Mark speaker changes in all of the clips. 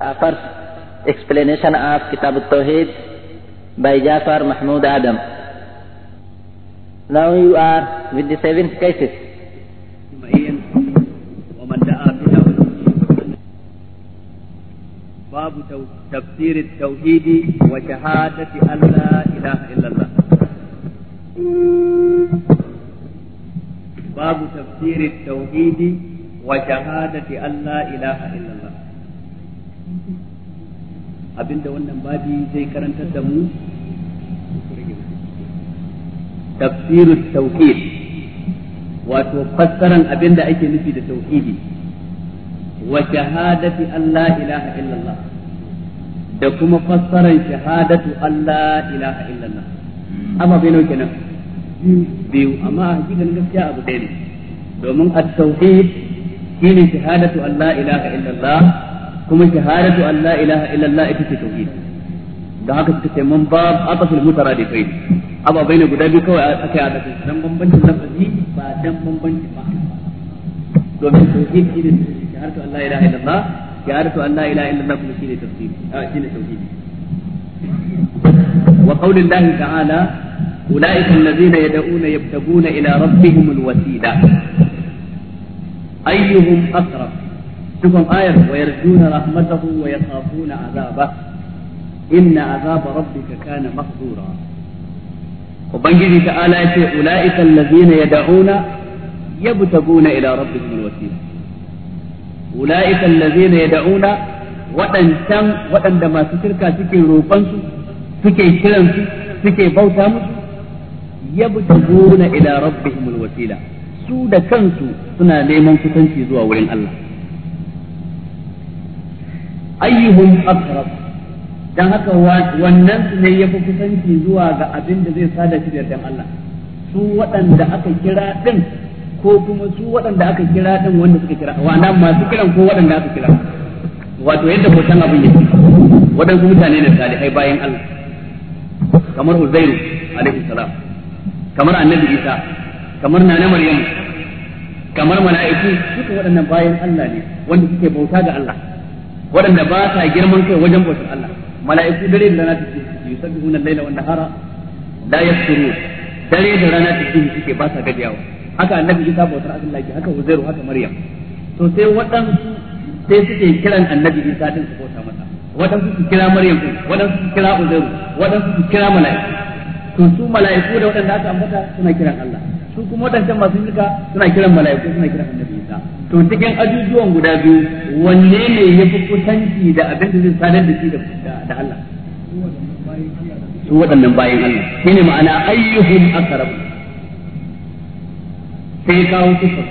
Speaker 1: Uh, first, explanation of Kitab Tauhid by Jafar Mahmood Adam. Now you are with the cases. باب تفسير التوحيد وشهادة أن لا إله إلا الله باب تفسير التوحيد وشهادة أن لا إله إلا الله abinda wannan babi zai karantar da mu tafsirut tauhid wato fassaran abinda ake nufi da tauhidi wa shahadati Allah ilaha illallah da kuma fassaran shahadatu Allah ilaha illallah amma bai nauke nan biyu amma hakikan gaskiya abu ɗaya ne domin at-tauhid shine shahadatu Allah ilaha illallah kuma shahadatu an la ilaha illallah ita ce tauhid da haka suka ce man ba atafil mutaradifain ababai ne guda biyu kawai aka yi atafin dan bambancin lafazi ba dan bambancin ba domin tauhid shi ne shahadatu an la ilaha illallah shahadatu an la ilaha illallah kuma shi ne tauhid shi ne tauhid wa qaulillahi ta'ala أولئك الذين يدعون يبتغون إلى ربهم الوسيلة أيهم أقرب cikon ayar wa yarjuna rahmatahu wa yakhafuna azaba inna azaba rabbika kana ubangiji ta'ala yace ulaika allazina yad'una yabtaguna ila rabbihim alwasila ulaika allazina yad'una wadancan wadanda masu shirka suke roƙon su suke kiran su suke bauta musu yabtaguna ila rabbihim alwasila su da kansu suna neman kusanci zuwa wurin Allah ayyuhum aqrab dan haka wannan su ne yafi kusanci zuwa ga abin da zai sada shi da yardan Allah su waɗanda aka kira din ko kuma su waɗanda aka kira din wanda suka kira wa'ana masu kiran ko waɗanda aka kira wato yadda hoton abin yake waɗansu mutane da salihai bayan Allah kamar Uzairu alaihi salam kamar Annabi Isa kamar Nana Maryam
Speaker 2: kamar mala'iku
Speaker 1: duka waɗannan bayan Allah ne wanda suke bauta ga Allah waɗanda ba sa girman kai wajen bautar Allah mala'iku dare da rana take yusabbihuna al-laila wan nahara la yasturu dare da rana take suke ba sa gajiyawa haka annabi Isa bautar Allah ke haka Uzairu haka Maryam to sai waɗansu sai suke kiran annabi Isa din su bauta masa waɗansu su kira Maryam din waɗansu su kira Uzairu waɗansu su kira mala'iku to su mala'iku da waɗanda aka ambata suna kiran Allah su kuma wadancan masu shirka suna kiran mala'iku suna kiran annabi Isa to cikin ajujuwan guda biyu wanne ne ya fi kusanci da abin da zai sadar da shi da Allah su waɗannan bayan Allah shine ma'ana ayyuhum aqrab sai kawo sifar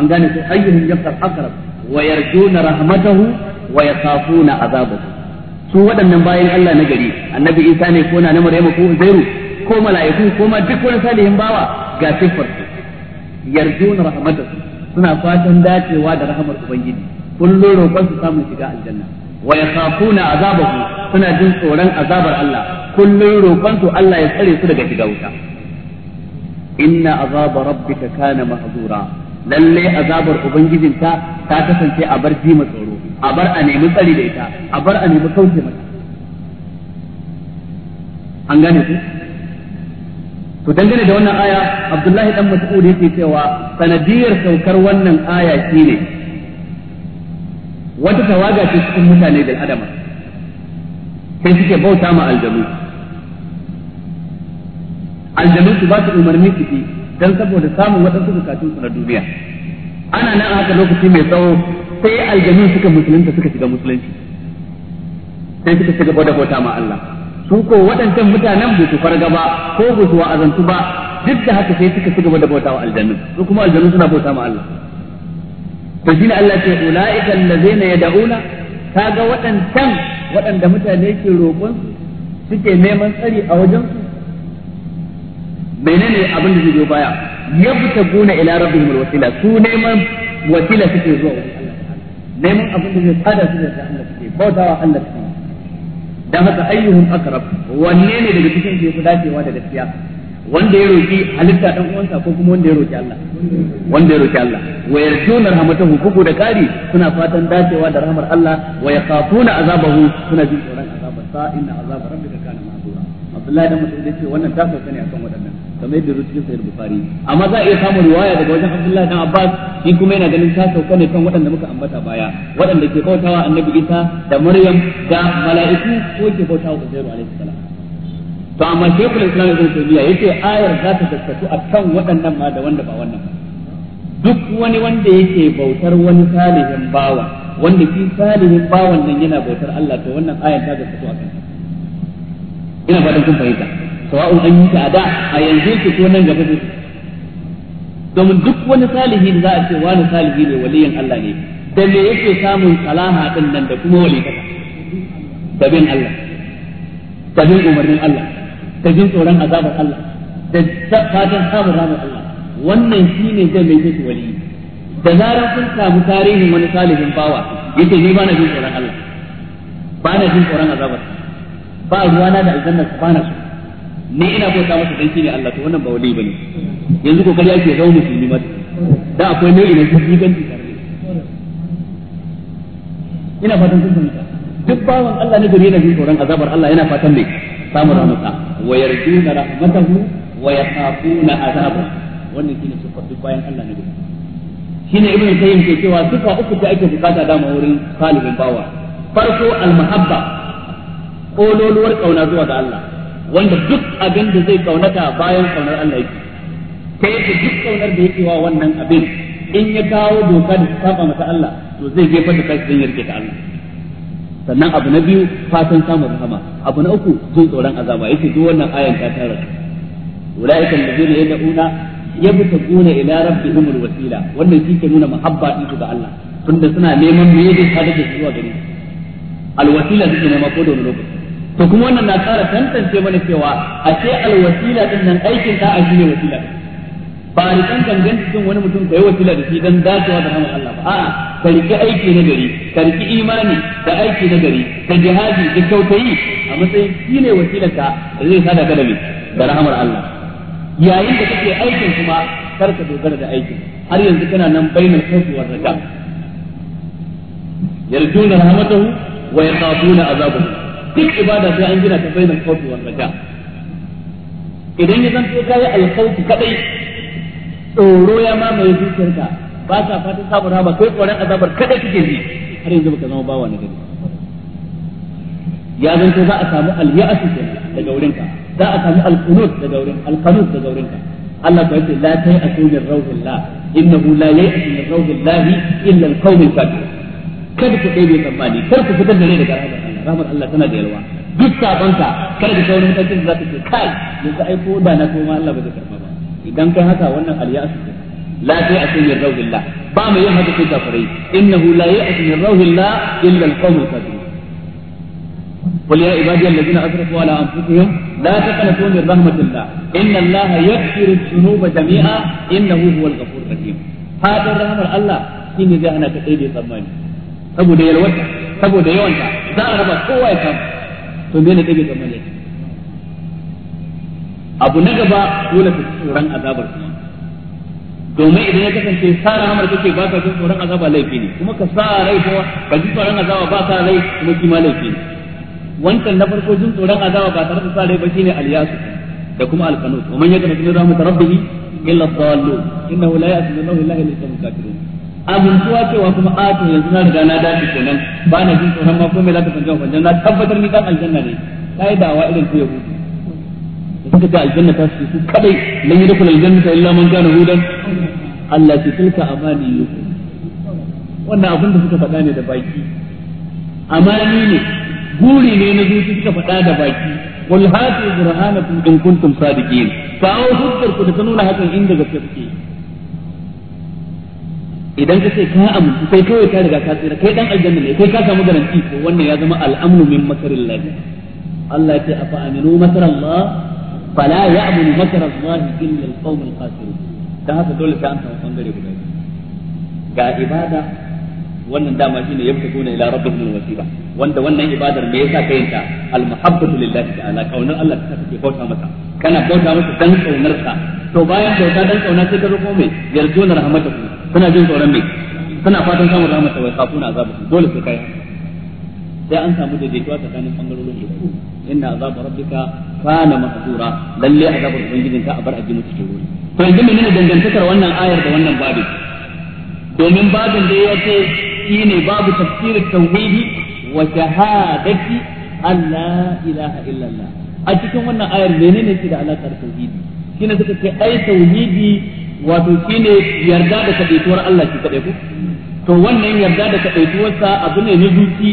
Speaker 1: an gane su ayyuhum yaqrab aqrab wa yarjuna rahmatahu wa yakhafuna azabahu su waɗannan bayan Allah na gari annabi Isa ne ko na Maryamu ko Zairu ko mala'iku ko ma duk wani salihin bawa ga siffar su yarjun rahmatar suna fatan dacewa da rahamar ubangiji kullum roƙon su samu shiga aljanna wa yakhafuna azabahu suna jin tsoron azabar Allah kullum roƙon su Allah ya tsare su daga shiga wuta inna azaba rabbika kana mahzura lalle azabar ubangijinta ta kasance a bar jima tsoro a bar a nemi tsari da ita a bar a nemi kauce mata an gane ku to dangane da wannan aya Abdullahi dan Mas'ud yake cewa sanadiyar saukar wannan aya shine wata tawaga ce cikin mutane da adama sai suke bauta ma aljanu aljanu su ba su umarni su yi dan saboda samun waɗansu bukatun su na duniya ana nan haka lokaci mai tsawo sai aljanu suka musulunta suka shiga musulunci sai suka shiga bauta ma Allah su ko waɗancan mutanen bai su farga ba ko ba su wa'azantu ba duk da haka sai suka ci gaba da bauta wa aljannu su kuma aljannu suna bauta ma Allah to shine Allah ce ulaika allazina yad'una kaga waɗancan waɗanda mutane ke roƙon suke neman tsari a wajen su menene abin da zai zo baya yabtaguna ila rabbihim alwasila su neman wasila suke zuwa Allah neman abin da zai tsada su da Allah suke bautawa Allah suke dan haka ayyuhum aqrab wanne ne daga cikin su yafi dacewa da gaskiya wanda ya roki halitta dan uwansa ko kuma wanda ya roki Allah wanda ya roki Allah wa yarjuna rahmatahu kuku da kari suna fatan dacewa da rahmar Allah wa yakhafuna azabahu suna jin tsoron azabar sa inna azab rabbika kana ma'zura Abdullahi da Mas'ud ce wannan ta sauka ne akan waɗannan kamar yadda zuwa cikin sahih bukari amma za a iya samun riwaya daga wajen abdullahi dan abbas shi kuma yana ganin ta sauka ne kan waɗanda muka ambata baya waɗanda ke bautawa annabi isa da maryam da mala'iku ko ke bautawa uzairu alaihi salam to amma shekul islam ibn taymiya yace ayar za ta a akan waɗannan ma da wanda ba wannan duk wani wanda yake bautar wani salihin bawa wanda ki salihin bawan nan yana bautar Allah to wannan ayar ta tabbatu akan ina fatan kun fahimta sawa'un an yi ta a da a yanzu yake ko nan gaba zai domin duk wani salihi da za a ce wani salihi ne waliyin Allah ne da me yake samun salaha din nan da kuma wali kaka da Allah da umarnin Allah da bin tsoron azabar Allah da fatan samun ramar Allah wannan shine zai mai shi wali da zarar kun samu tarihin wani salihin bawa yace ni ba na jin tsoron Allah ba na jin tsoron azabar ba ruwana da aljanna ba na su. ni ina bauta masa dan ne Allah to wannan ba wali bane yanzu kokari ake zama musulmi ma da akwai nau'i na shirki ganci ina fatan kun fahimta duk bawan Allah ne gari yana jin tsoron azabar Allah yana fatan ne samun rahmata wa yarjuna rahmatahu wa yakhafuna azabahu wannan shine sifar duk bayan Allah ne shine ibn tayyim ke cewa duka uku da ake bukata dama wurin salihun bawa farko al-mahabba kololuwar kauna zuwa ga Allah wanda duk abin da zai kaunata bayan kaunar Allah yake ta yadda duk kaunar da yake wa wannan abin in ya kawo doka da saba mata Allah to zai jefar da kansa don ya Allah sannan abu na biyu fatan samun rahama abu na uku jin tsoron azaba yake duk wannan ayan ta tara ulaika alladhina yad'una yabtaguna ila rabbihim alwasila wannan shi ke nuna muhabba din su ga Allah tunda suna neman me yake sadaka zuwa gare alwasila suke nema ko da wani lokaci to kuma wannan na ƙara tantance mana cewa a ce alwasila din nan aikin ta a shi wasila ba a rikan gangan cikin wani mutum ka yi wasila da shi don dacewa da ramar Allah ba a'a ka riƙi aiki na gari ka riƙi imani da aiki na gari da jihadi da kyautayi a matsayin shi ne A zai sada ka da mai da rahamar Allah yayin da kake aikin kuma kar ka dogara da aikin har yanzu kana nan bainal khawfi war raja yarjuna rahmatahu wa yaqabuna azabahu duk ibada sai an gina ta bainal khawfi wal raja idan ya zanto kai al-khawf kadai tsoro ya mamaye zuciyarka ba sa fatan samun rama kai tsoron azabar kadai kake ji har yanzu baka zama bawa na gari ya zanto za a samu al-ya'su daga wurinka za a samu al-qunut daga wurin al-qanut daga wurinka Allah ta yace la ta'asu min rawhillah innahu la ya'su min rawhillah illa al-qawmul fajir kada ku dai bai tsammani kar ku fitar da rai daga rahama rahmar Allah tana da yalwa duk sabonka kada ka shawarar mutancin da za ka ce kai yanzu ai ko da na koma Allah ba zai karɓa ba idan kai haka wannan alyasu ce la sai a sun yarda billah ba mu yin haka sai kafirai innahu la ya'ti min rawhillah illa al-qawmul kafirun قل يا عبادي الذين اسرفوا على انفسهم لا تقنطوا من رحمه الله ان الله يغفر الذنوب جميعا انه هو الغفور الرحيم هذا رحمه الله shine zai ana ka tsaye da tsammani saboda yalwata saboda yawan ta za a raba kowa ya samu to me ne kake ne. abu na gaba dole ka tsoron azabar kuma domin idan ya kasance sa rahamar kake ba ka jin tsoron azaba laifi ne kuma ka sa rai ko ka ji tsoron azaba ba ka rai kuma kima laifi ne wancan na farko jin tsoron azaba ba tare da sa rai ba shine alyasu da kuma alqanut wa man yakun min rahmat rabbih illa dhallu innahu la ya'lamu illa al-kafirun amintuwa ce kuma a yanzu na riga na dace kenan ba na jin tsoron ma komai za ta fanta fanta na tabbatar ni dan aljanna ne kai dawa irin ku yahudu da suka ce aljanna ta su kadai lan yadkhul ta illa man kana hudan Allah ce tilka amani wannan abin da suka faɗa ne da baki amani ne guri ne na zuci suka faɗa da baki qul hatu burhanakum in kuntum sadiqin fa au hujjarku da nuna hakan inda gaske kuke idan ka ce ka amu kai kawai ka riga ka tsira kai dan aljanna ne kai ka samu garanti to wannan ya zama al'amru min makarillah Allah ya ce afa aminu makarallah fala ya'munu makarallah illa al-qawm al-khasirun dan haka dole sai an samu bangare guda ga ibada wannan dama shine yabtaguna ila rabbihim al-wasila wanda wannan ibadar me yasa ka yinta al-muhabbatu lillahi ta'ala kaunar Allah ta kake bauta masa kana bauta masa dan kaunar sa to bayan bauta dan kauna sai ka zo ko me yarjuna rahmatahu suna jin tsoron me suna fatan samun ta wai kafuna azabu dole sai kai sai an samu da daidaituwa tsakanin bangarorin guda inna azaba rabbika kana mahdura lalle azabar ubangijin ka a bar addini mutu tururi to yanzu menene dangantakar wannan ayar da wannan babin domin babin da ya ce shine babu tafsirin tauhidi wa shahadati alla ilaha illallah a cikin wannan ayar menene shi da alaƙar tauhidi shine suka ce ai tauhidi wato shine yarda da kaɗaituwar Allah shi kaɗai ku to wannan yarda da kadaituwarsa abu ne na zuci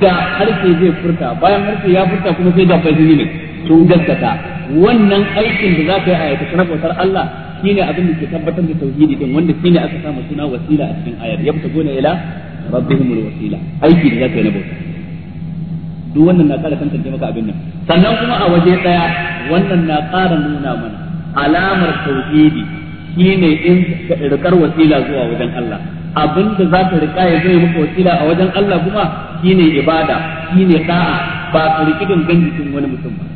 Speaker 1: da harshe zai furta bayan harshe ya furta kuma sai da fahimi ne sun gaskata wannan aikin da za ka yi a aikata na bautar Allah shine abin da ke tabbatar da tauhidi din wanda shine aka sa suna wasila a cikin ayar yabta gona ila rabbihimul wasila aiki da za ka yi na bautar duk wannan na ƙara tantance maka abin nan sannan kuma a waje ɗaya wannan na ƙara nuna mana alamar tauhidi shine in rikar wasila zuwa wajen Allah abin da za ka rika ya zai maka wasila a wajen Allah kuma shine ibada shine da'a ba ka riki gangan jikin wani mutum ba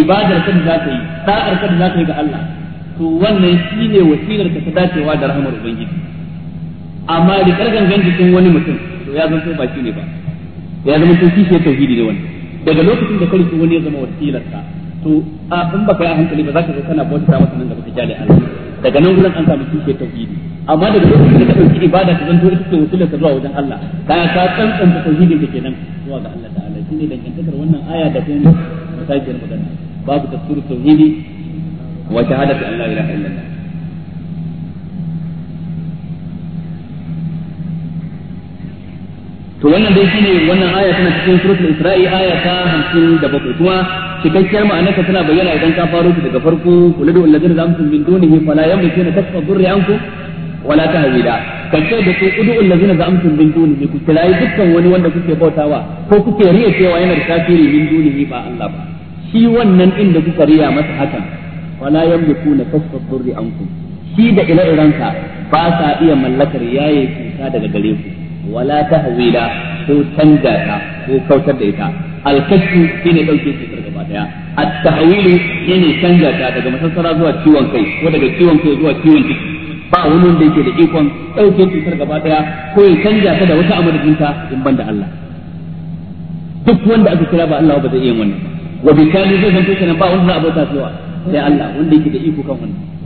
Speaker 1: ibadar ka da za ka yi da'ar ka da za ka yi ga Allah to wannan shine wasilar ka ta dacewa da rahmar ubangiji amma rikar gangan jikin wani mutum to ya zanto ba shine ba ya zama sun ke tauhidi ne wannan daga lokacin da kai wani ya zama wasilar ka to a in baka yi a hankali ba za ka zo kana bauta masa nan gaba ka jale Allah daga nan gurin an samu kike tauhidi amma daga lokacin da ka dauki ibada ka zanto ita ce wasu ka zuwa wajen Allah ka ka tsantsanta tauhidin ke nan zuwa ga Allah ta'ala ne dangantakar wannan aya da kuma masajiyar magana babu tafsir tauhidi wa shahadatu an la ilaha illallah to wannan dai shine wannan aya tana cikin suratul isra'i aya ta 57 kuma cikakkiyar ma'anarta tana bayyana idan ka faro ta daga farko kullu da alladhina zamtum min dunihi fala yamlikuna kasfa dhurri ankum wala tahwila kace da ku udu alladhina zamtum min dunihi ku kirayi dukkan wani wanda kuke bautawa ko kuke riya cewa yana da kafiri min dunihi ba Allah ba shi wannan din da kuka riya masa hakan wala yamlikuna kasfa dhurri ankum shi da ila irensa ba sa iya mallakar yaye cuta daga gare ku wala tahwila ko canja ta ko kautar da ita alkashu shine dauke cutar gaba daya at-tahwilu shine canja ta daga masassara zuwa ciwon kai ko daga ciwon kai zuwa ciwon ciki ba wani wanda yake da ikon dauke cutar gaba daya ko ya canja ta da wata amadadin ta in ban da Allah duk wanda aka kira ba Allah ba zai iya wannan wa bi zai zanto kenan ba wanda za a bauta sai Allah wanda yake da iko kan wannan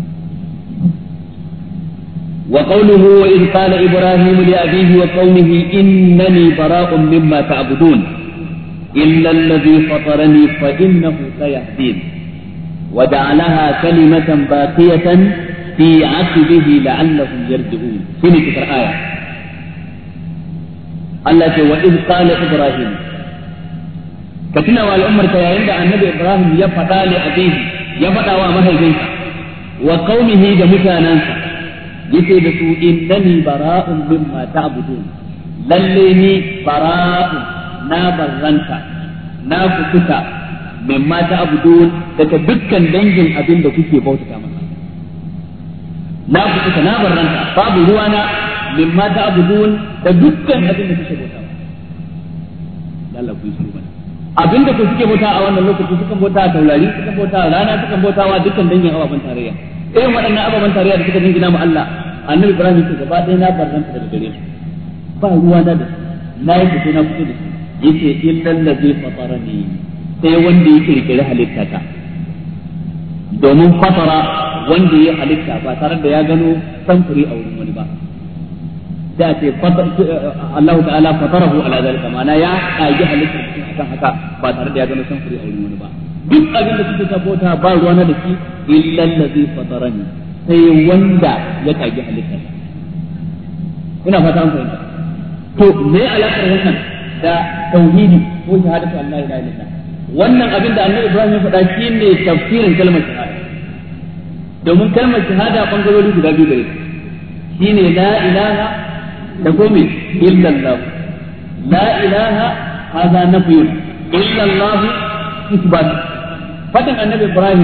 Speaker 1: وقوله وإذ قال إبراهيم لأبيه وقومه إنني براء مما تعبدون إلا الذي فطرني فإنه سيهدين وجعلها كلمة باقية في عقبه لعلهم يرجعون شنو الآية التي الله وإذ قال إبراهيم كتنا والأمر كيان عند النبي إبراهيم يفتى لأبيه يفتى ومهل وقومه جمكانانسا yake da su innani bara'un mimma ta'budun lalle ni bara'un na barranta na kukuta mimma ta'budun daga dukkan dangin abin da kuke bauta masa na kusuta na barranta babu ruwana mimma ta'budun da dukkan abin da kuke bauta Allah ku su bane abin da kuke bauta a wannan lokaci suka bauta a taurari suka bauta a rana suka bauta wa dukkan dangin ababen tarayya irin waɗannan ababen tarayya da suka jingina mu Allah annabi Ibrahim ce gaba ɗaya na barranta daga gare su ba ruwa na da su na yi fito na fito da su yace illal fatara ne sai wanda ya kirkiri halitta ta domin fatara wanda ya halitta ba tare da ya gano samfuri a wurin wani ba da ce Allah ta'ala fatarahu ala zalika ma'ana ya kaji halitta cikin akan haka ba tare da ya gano samfuri a wurin wani ba duk abin da suke sabota ba ruwa na da shi illa allazi fatarani sai wanda ya kage halitta ina fata an fahimta to me alakar wannan da tauhidi ko shahadatu Allah ila ilaha wannan abin da annabi Ibrahim ya faɗa shi ne tafsirin kalmar shahada domin kalmar shahada bangarori guda biyu gare shi ne la ilaha da gome illa Allah la ilaha hadha nafiyun illa Allah isbat fadin annabi ibrahim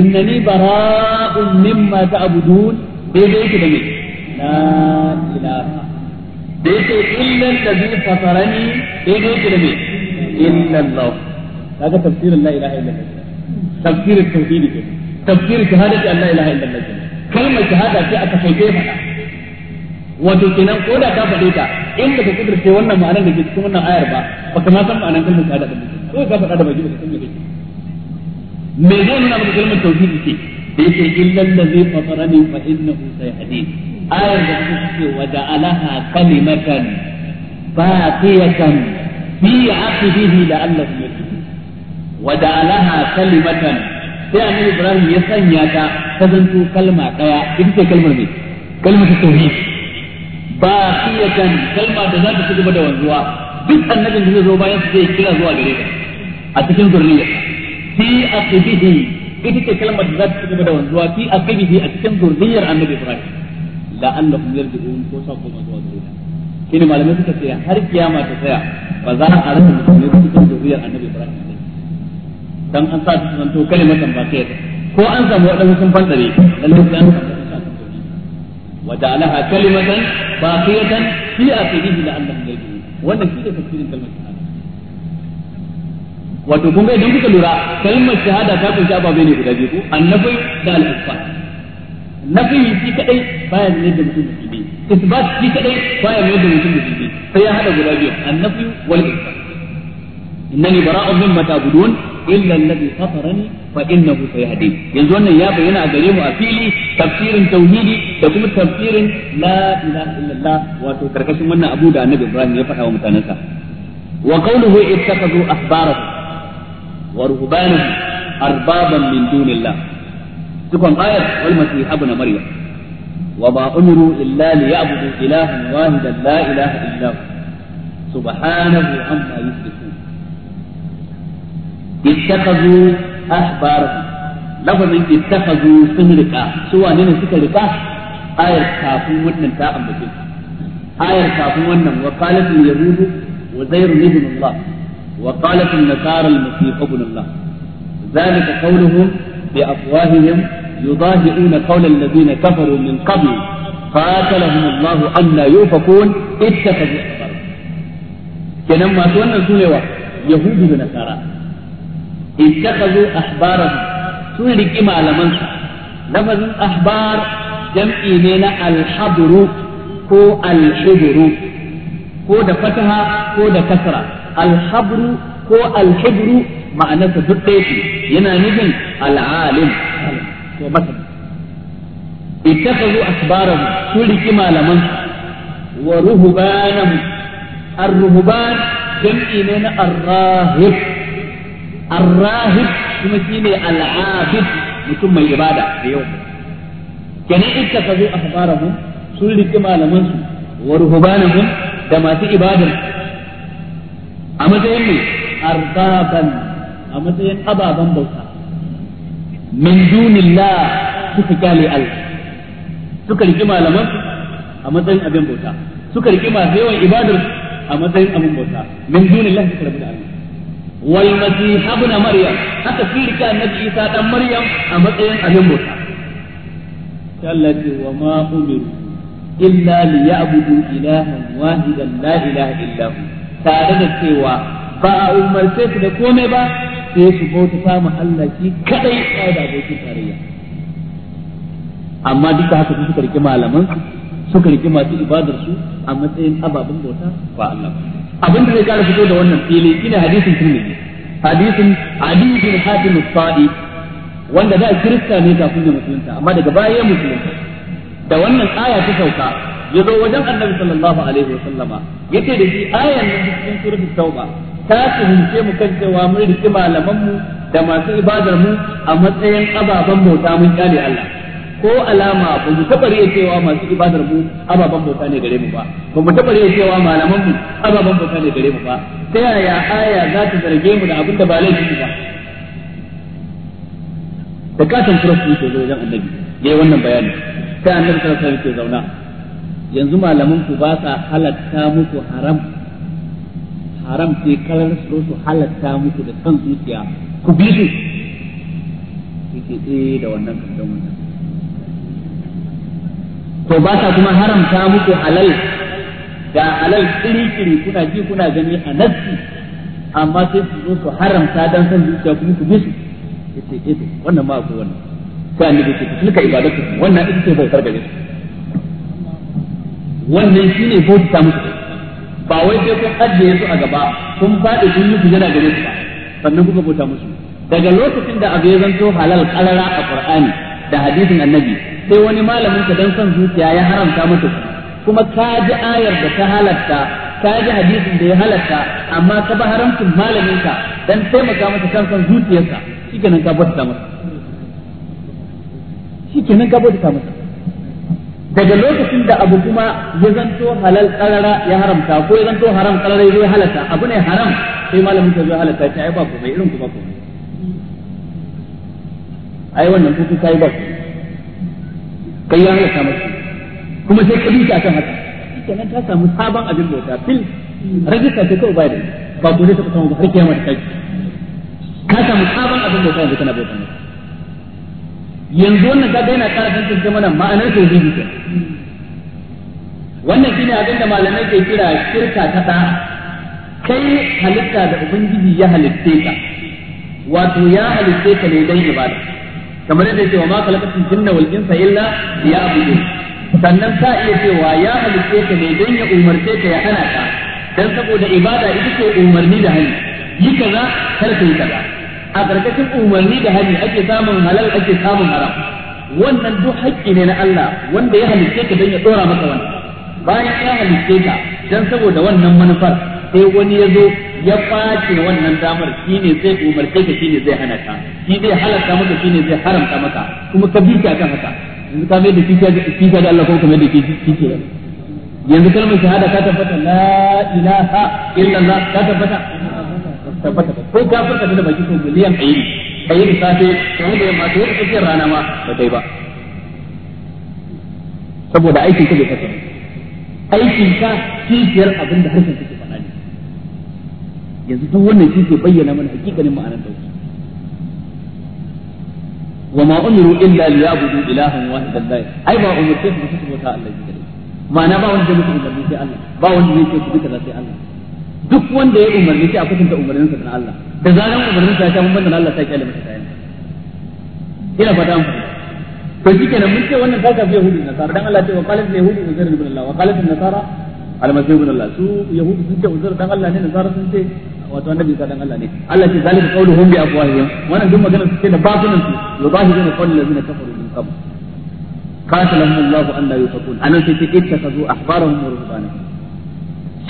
Speaker 1: innani bara'un mimma ta'budun daidai yake da me la ilaha da yake illa allazi fatarani daidai yake da me illa allah kaga tafsirin la ilaha illa allah tafsirin tauhidi ke tafsirin shahadati an la ilaha illa allah kalmar shahada ce aka sauke faɗa wato kenan ko da ta faɗe ta in baka kudurce wannan ma'anar da ke cikin wannan ayar ba ba ka ma san ma'anar kalmar shahada ba ko ka faɗa da baki baka san me kake me zai nuna maka kalmar tauhidi ce da yake illal ladzi fatarani fa innahu sayhadi ayar da take cewa da alaha kalimatan baqiyatan fi aqibihi la'allahu yashkur wa da alaha kalimatan sai annabi ibrahim ya sanya ta ta zanto kalma daya ita ce kalmar ne kalmar tauhid baqiyatan kalma da za ta ci gaba da wanzuwa duk annabin da zai zo bayan su zai kira zuwa gare ka a cikin zurriyarsa fi aqibihi ita ce kalmar da za ta cigaba da wanzuwa fi aqibihi a cikin zurriyar annabi Ibrahim la la'allahum yarji'un ko sa kuma zuwa zuwa shine malamai suka ce har kiyama ta tsaya ba za a rasa musulmi cikin zurriyar annabi Ibrahim dan an sa su zanto kalmar da ba tambakiyar ko an samu wadannan sun fantare lallai sai an samu وجعلها كلمة باقية في آخره لعلهم يرجعون وأن في تفسير كلمة تعالى wato kun ga idan kuka lura kalmar shahada ta kunshi ababe ne guda biyu annabi da al-isbat nafi shi kadai baya ne da mutum musulmi isbat shi kadai baya ne da mutum musulmi sai ya hada guda biyu annabi wal isbat innani bara'un mimma ta'budun illa alladhi fatarani fa innahu sayahdin yanzu wannan ya bayyana a gare mu a fili tafsirin tauhidi da kuma tafsirin la ilaha illallah wato karkashin wannan abu da annabi Ibrahim ya faɗa wa mutanansa wa qawluhu ittakhadhu ahbarahum ورهبانهم أربابا من دون الله تكون آية والمسيح ابن مريم وما أمروا إلا ليعبدوا إلها واحدا لا إله إلا هو سبحانه عما يشركون اتخذوا أحبارهم لفظ اتخذوا سن سهرقا سوى نين سهرقا آية كافون ونن بجد آية كافون وقالت اليهود وزير ابن الله وقالت النصارى المسيح ابن الله ذلك قولهم بافواههم يضاهئون قول الذين كفروا من قبل قاتلهم الله ان يوفقون اتخذوا اخبارا كنما سوى سوى يهود النصارى اتخذوا اخبارا سوى على لمن لفظ الاخبار جمع من الحبر كو الحبر كو دفتها كو دكسره الحبر هو الحبر معنى تدقيق ينامي العالم مثلا اتخذوا أكبارهم تلك مالمن ورهبانهم الرهبان جمعين الراهب الراهب ثم كيني العابد ثم الإبادة اليوم يعني كان اتخذوا أخبارهم سلك مالهم ورهبانهم دماتي إبادة matsayin ne arbaban a matsayin ababen bauta min dunillah suka kyale Allah suka riki malaman a matsayin abin bauta suka riki masu yawan ibadar a matsayin abin bauta min dunillah suka rabu da Allah wal masih ibn maryam haka sun rika annabi isa dan maryam a matsayin abin bauta Allah ce wa ma umiru illa liya'budu ilahan wahidan la ilaha illa huwa tare da cewa ba a umarce su da komai ba sai su bauta samu Allah shi kadai ya da abokin tarayya amma duka haka su suka rike malaman su suka riki masu ibadar su a matsayin ababen bauta ba Allah abin da zai kara fito da wannan fili ina hadisin Tirmidhi hadisin Ali bin Hatim al-Sadi wanda da kirista ne kafin ya musulunta amma daga baya ya musulunta da wannan aya ta sauka ya zo wajen annabi sallallahu alaihi wasallama yake da shi ayan nan cikin surat tauba ta tuhunce mu kan cewa mun riki malaman mu da masu ibadar mu a matsayin ababen bauta mun kyale Allah ko alama ba mu taɓa riya cewa masu ibadar mu ababen bauta ne gare mu ba ba mu taɓa riya cewa malaman mu ababen bauta ne gare mu ba ta yaya aya za ta zarge mu da abin da ba laifi ba da katon kurafu ke zo wajen annabi yayi wannan bayani ta annabi sallallahu alaihi wasallam ke zauna yanzu malaman ku ba sa halatta muku haram haram sai kalar su su halatta muku da kan zuciya ku bi su yake tsaye eh, da wannan kandan wannan to ba sa kuma haramta muku halal da halal kiri-kiri kuna ji kuna gani a nazi amma sai su zo su haramta dan san zuciya kuma ku bi su yace eh wannan ma akwai wannan ko annabi ce tilka ibadatu wannan ita ce bautar gare su wannan shine bauta musu ba wai sai kun ajiye su a gaba kun faɗi kun yi sujada gare su sannan kuka bauta musu daga lokacin da abu ya zanto halal kalara a qur'ani da hadisin annabi sai wani malamin ka dan son zuciya ya haramta musu kuma ka ji ayar da ta halatta ka ji hadisin da ya halatta amma ka ba haramcin malamin ka dan taimaka masa kan son zuciyarsa shikenan ka bauta masa shikenan ka bauta masa daga lokacin da abu kuma ya zanto halal karara ya haramta ko ya zanto haram karara ya halata abu ne haram sai malamin ta zo halata ta ai ba ko mai irin kuma ko ai wannan kuku yi ba
Speaker 2: kai ya halata maka
Speaker 1: kuma sai kabi ta kan haka nan ta samu sabon abin bauta fil rajista ta kawai bai ba ko ne ta samu ba har kiyama ta kai ka samu sabon abin bauta yanzu kana bauta ne yanzu wannan kaga yana ƙara ta mana ma'anar tauhidi ke wannan shine abin da malamai ke kira shirka ta da kai halitta da ubangiji ya halitte ka wato ya halitte ka ne dan ibada kamar yadda yake wa ma khalaqatul jinna wal insa illa liya'budun sannan sa iya cewa ya halitte ka ne dan ya umarce ka ya hana ka dan saboda ibada ita ce umarni da hali yi kaza kar ka yi kaza a ƙarƙashin umarni da hali ake samun halal ake samun haram wannan duk haƙƙi ne na Allah wanda ya halicce ka don ya ɗora maka wani bayan ya halicce ka don saboda wannan manufar sai wani ya zo ya ɓace wannan damar shi ne zai umarce ka shi ne zai hana ka shi zai halarta maka shi ne zai haramta maka kuma ka bi akan haka yanzu ka mai da kika da Allah ko ka mai da kika yanzu kalmar shahada ka tabbata la ilaha illallah ka tabbata tabbata ba ko ka da baki sun miliyan ayi ayi safe to wanda ya mato wata rana ma ba kai saboda aikin bai kasa aikin kishiyar abin da harshen faɗa ne yanzu duk wannan shi ke bayyana mana hakikalin ma'anar dauki وما أمروا إلا ليعبدوا إلها واحدا لا أي ما أمرتهم بسبب الله ما أنا ما وجدت إلا الله با وجدت إلا Allah. duk wanda ya umarni sai a kusanta umarninsa da Allah da zaran umarninsa ya sha mun da Allah sai kyale masa kayan ina fata an to shi kenan mun ce wannan ta shafi yahudi nasara dan Allah ce wa qalat yahudi uzair ibn Allah wa qalat nasara almasih ibn Allah su yahudi sun ce uzair dan Allah ne nasara sun ce wato annabi ka dan Allah ne Allah ce zalika qauluhum bi afwahihim wannan duk magana su ce da bakunan su yubahiduna qawl allazina kafaru min qabl قاتلهم الله أن لا يؤفكون أنا في تكتب أخبارهم ورهبانهم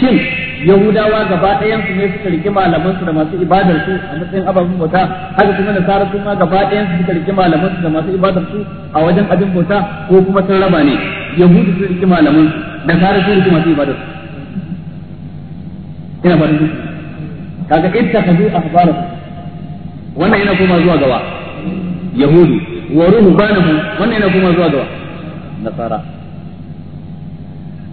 Speaker 1: shin yahudawa gaba ɗayan su ne suka rike malaman su da masu ibadar su a matsayin ababen bauta haka kuma da sarar kuma gaba ɗayan su suka rike malaman su da masu ibadar su a wajen abin bauta ko kuma sun raba ne yahudu sun rike malaman su sarar sun rike masu ibadar su ina ba duk kaga ittakhadhu ahbarahum wannan yana kuma zuwa gaba yahudu wa ruhu ruhbanahum wannan yana kuma zuwa gaba nasara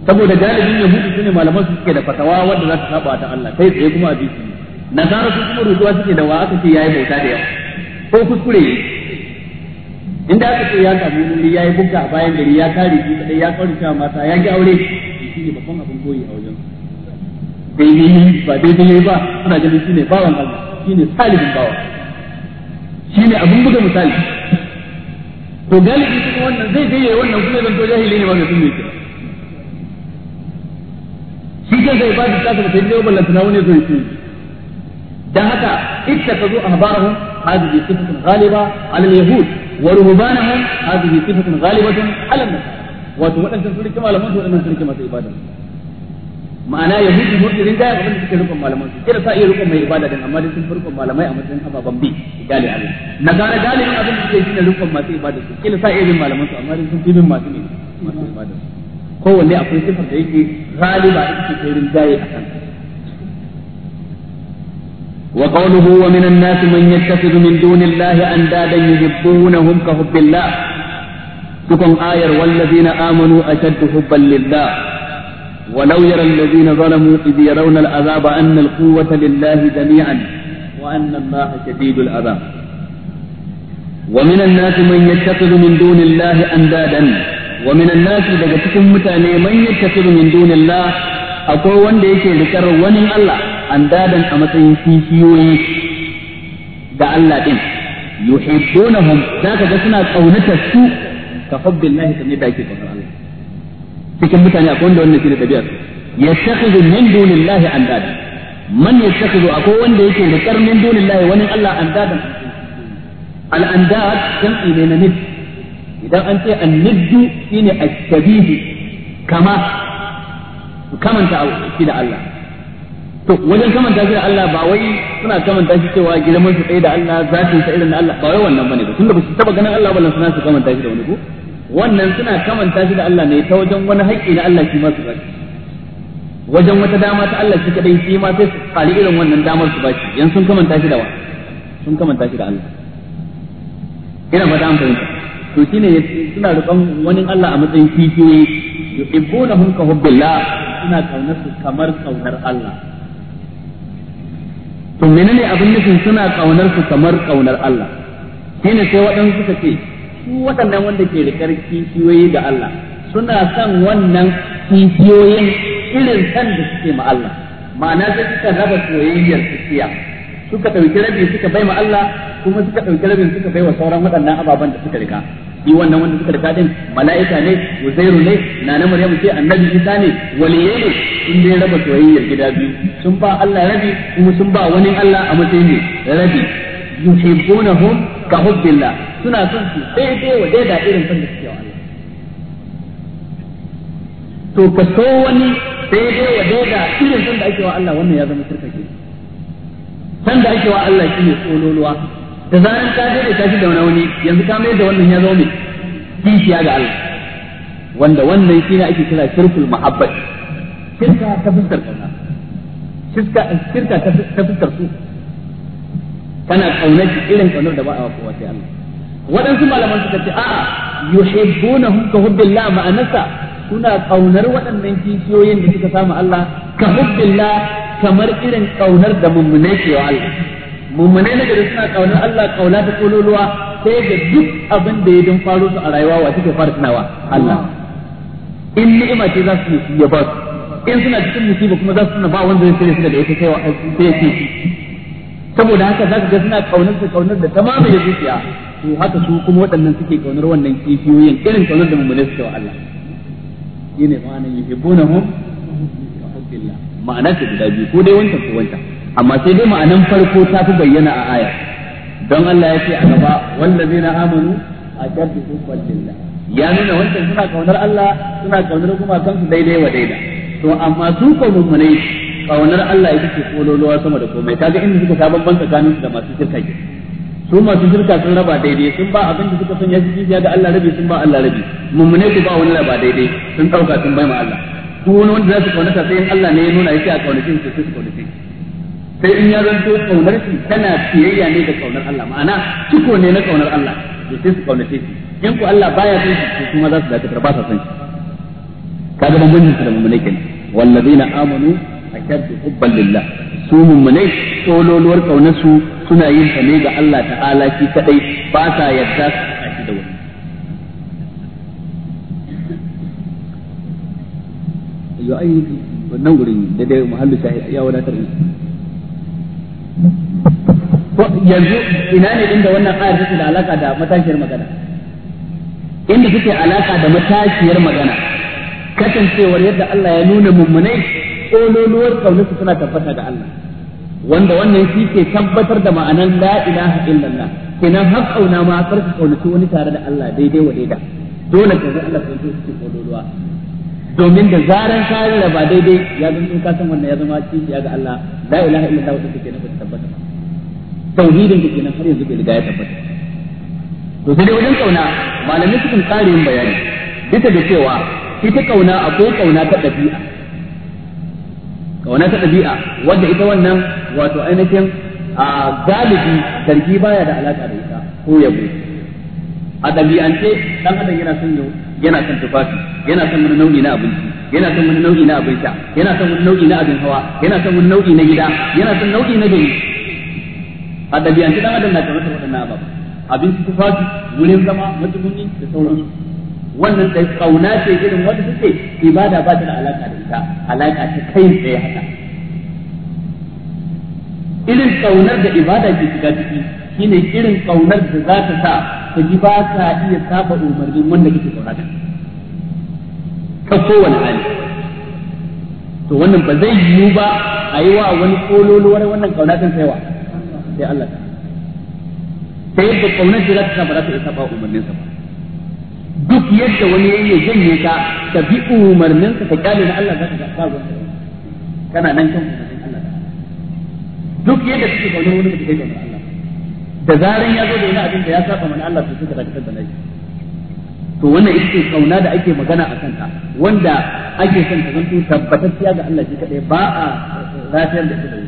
Speaker 1: saboda galibin su sune malaman su suke da fatawa wanda za su saba ta Allah kai tsaye kuma a jiki nasara su kuma rutuwa suke da wa aka ce yayi bauta da yawa ko kuskure inda aka ce ya samu wuri yayi buga a bayan gari ya kare shi kadai ya kauri cewa mata ya ga aure shi ne babban abin koyi a wajen daidai ba daidai yayi ba ana ganin ne bawan Allah ne salibin bawa ne abin buga misali to galibi kuma wannan zai gayyaye wannan kuma zan to jahili ne ba ga sun mai kira kansa ibadar ta ba a yi ba lantana wani zai yi dan haka ittakazu ahbarahum hadhihi sifatun ghaliba ala yahud wa ruhbanahum sifatun ghalibatun wato waɗannan sun rike malaman su waɗannan sun rike masu ibada ma'ana yahudi murtirin da abin da suke rukun malaman su kira sa iya rukun mai ibada din amma dai sun rukun malamai a matsayin ababen bi gali alai na gara galibin abin da suke shine rukun masu ibada su kira sa iya bin malaman su amma dai sun fi bin masu ne masu ibada su kowanne akwai sifar da yake galiba ita ce taurin jaye a kan وقوله ومن الناس من يتخذ من دون الله أندادا يحبونهم كحب الله تكون آية والذين آمنوا أشد حبا لله ولو يرى الذين ظلموا إذ يرون العذاب أن القوة لله جميعا وأن الله شديد العذاب ومن الناس من يتخذ من دون الله أندادا wa minan nasu daga cikin mutane man yattakhidhu min dunillah akwai wanda yake rikar wani Allah an dadan a matsayin kishiyoyi ga Allah din yuhibbunahum zaka ga suna kaunatar su ka hubbillahi kamar da ake kaunar Allah cikin mutane akwai wanda wannan shine tabi'ar yattakhidhu min dunillahi an dadan man yattakhidhu akwai wanda yake rikar min dunillahi wani Allah an dadan al andad jam'i ne na nifs idan an ce shi ne a ashbihi kama su kamanta shi da Allah to wajen kamanta shi da Allah ba wai suna kamanta shi cewa girman su tsaye da Allah zatin sa irin na Allah ba wai wannan bane ba tunda ba su taba ganin Allah ba suna su kamanta shi da wani ko wannan suna kamanta shi da Allah ne ta wajen wani haƙƙi na Allah shi ma su zaki wajen wata dama ta Allah shi kadai shi ma sai su tsari irin wannan damar su baki yan sun kamanta shi da wa sun kamanta shi da Allah ina fata an fahimta to shine suna rubon wani Allah a matsayin kifiyoyi yuhibbunahum ka hubbillah suna kaunar su kamar kaunar Allah to menene abin nufin suna kaunar su kamar kaunar Allah shine sai waɗansu suka ce su waɗannan wanda ke rikar kikiyoyi da Allah suna son wannan kikiyoyin irin san da suke ma Allah ma'ana sai suka raba soyayyar tsakiya suka ɗauki rabi suka bai ma Allah kuma suka ɗauki rabin suka bai wa sauran waɗannan ababen da suka rika shi wannan wanda suka rika din mala'ika ne uzairu ne nana Maryam ce annabi isa ne waliye ne sun dai raba soyayyar gida biyu sun ba Allah rabi kuma sun ba wani Allah a matsayin ne rabi yuhibbunahum ka hubbillah suna son su sai dai wa da irin son da suke wa Allah to ka so wani sai dai wa da irin son da ake wa Allah wannan ya zama shirka ke san da ake wa Allah shine tsololuwa da zaran ka dade ta shi da wani wani yanzu ka mai da wannan ya zama mai kishiya ga Allah wanda wannan shi ne ake kira shirkul muhabbat shirka ta fuskar kauna shirka shirka ta fuskar su kana kaunar irin kaunar da ba a kowa sai Allah waɗansu malaman suka ce a'a yuhibbunahum ka hubbillah ma'anasa kuna kaunar waɗannan kishiyoyin da suka samu Allah ka hubbillah kamar irin kaunar da mummunai ke wa Allah mummune na gari suna kaunar Allah kauna ta kololuwa sai ga duk abin da ya dan faru su a rayuwa wa take fara tunawa Allah in ni'ima ce za su ya ba su in suna cikin musiba kuma za su tuna ba wanda zai kare su da ita sai wa sai ce saboda haka za ka ga suna kaunar su kaunar da tamamin da zuciya to haka su kuma waɗannan suke kaunar wannan kifiyoyin irin kaunar da mummune suke wa Allah shine ma'anar yuhibbunahum ka hubbillah ma'ana ta guda biyu ko dai wancan ko wancan amma sai dai ma'anan farko ta fi bayyana a aya don Allah ya ce a gaba na amanu sun hubban da. ya nuna wancan suna kaunar Allah suna kaunar kuma kansu daidai wa daida to amma su ko mummunai kaunar Allah ya ce kololowa sama da komai kaga inda suka ta bamban tsakanin su da masu shirka ke su masu shirka sun raba daidai sun ba abin da suka san ya jijiya ga Allah rabi sun ba Allah rabi mummune ku ba wani raba daidai sun dauka sun bai ma Allah duk wani wanda za su kaunata sai in Allah ne ya nuna yake a kaunacin su su kaunacin sai in ya zanto kaunar shi tana siyayya ne da kaunar Allah ma'ana ciko ne na kaunar Allah to sai su kaunace shi in ku Allah baya son shi to kuma za su dace ba sa son shi kaga bambancin su da mummunai kenan wallazina amanu ashaddu hubban lillah su mummunai tsololuwar kaunar su suna yin ta ne ga Allah ta'ala shi kadai ba sa yarda a shi da wani yo ai wannan gurin da dai muhallu ya wadatar ne yanzu ina ne inda wannan ayar take da alaka da matashiyar magana inda take alaka da matashiyar magana kasancewar yadda Allah ya nuna mummunai kololuwar su suna tabbata ga Allah wanda wannan shi ke tabbatar da ma'anan la ilaha illallah kenan har kauna ma karka kaunaci wani tare da Allah daidai wa daida dole ka ga Allah sai ololuwa domin da zaran ka yi ba daidai ya zama in ka san wannan ya zama ya ga Allah la ilaha illallah wata take na ba tabbata ba tauhidin da kenan har yanzu bai riga ya tabbata to sai dai wajen kauna malamai sukan tsare yin bayani duka da cewa ita kauna akwai kauna ta ɗabi'a kauna ta dabi'a wanda ita wannan wato ainihin a galibi sarki baya da alaka da ita ko yabo a ɗabi'ance dan adam yana son yau yana son tufafi yana son wani nau'i na abinci yana son wani nau'i na abin sha yana son wani nau'i na abin hawa yana son wani nau'i na gida yana son nau'i na gari a ɗabi'ance dan adam na kamar da wadannan ababa abinci tufafi wurin zama matukuni da sauransu wannan da kauna ce irin wanda take ibada ba ta da alaka da ita alaka ta kai tsaye haka irin kaunar da ibada ke shiga ciki shine irin kaunar da za ta sa kafiri ba ka iya saba umarnin wanda kake saurata ta kowane hali to wannan ba zai yiwu ba a yi wa wani kololuwar wannan kauna saiwa sai Allah ta yi yadda kaunar da za ta saba za ta saba umarninsa ba duk yadda wani yayi janye ka ka bi umarninsa ka kyale na Allah za ka ga kana nan kan umarnin Allah duk yadda kake kaunar wani mutum kai kaunar da zaran ya zo da wani abin da ya saba mana Allah to sai ka dakatar da nashi to wannan ita ce kauna da ake magana a kanta wanda ake son ta zanto tabbatacciya ga Allah shi kadai ba a rafiyar da ita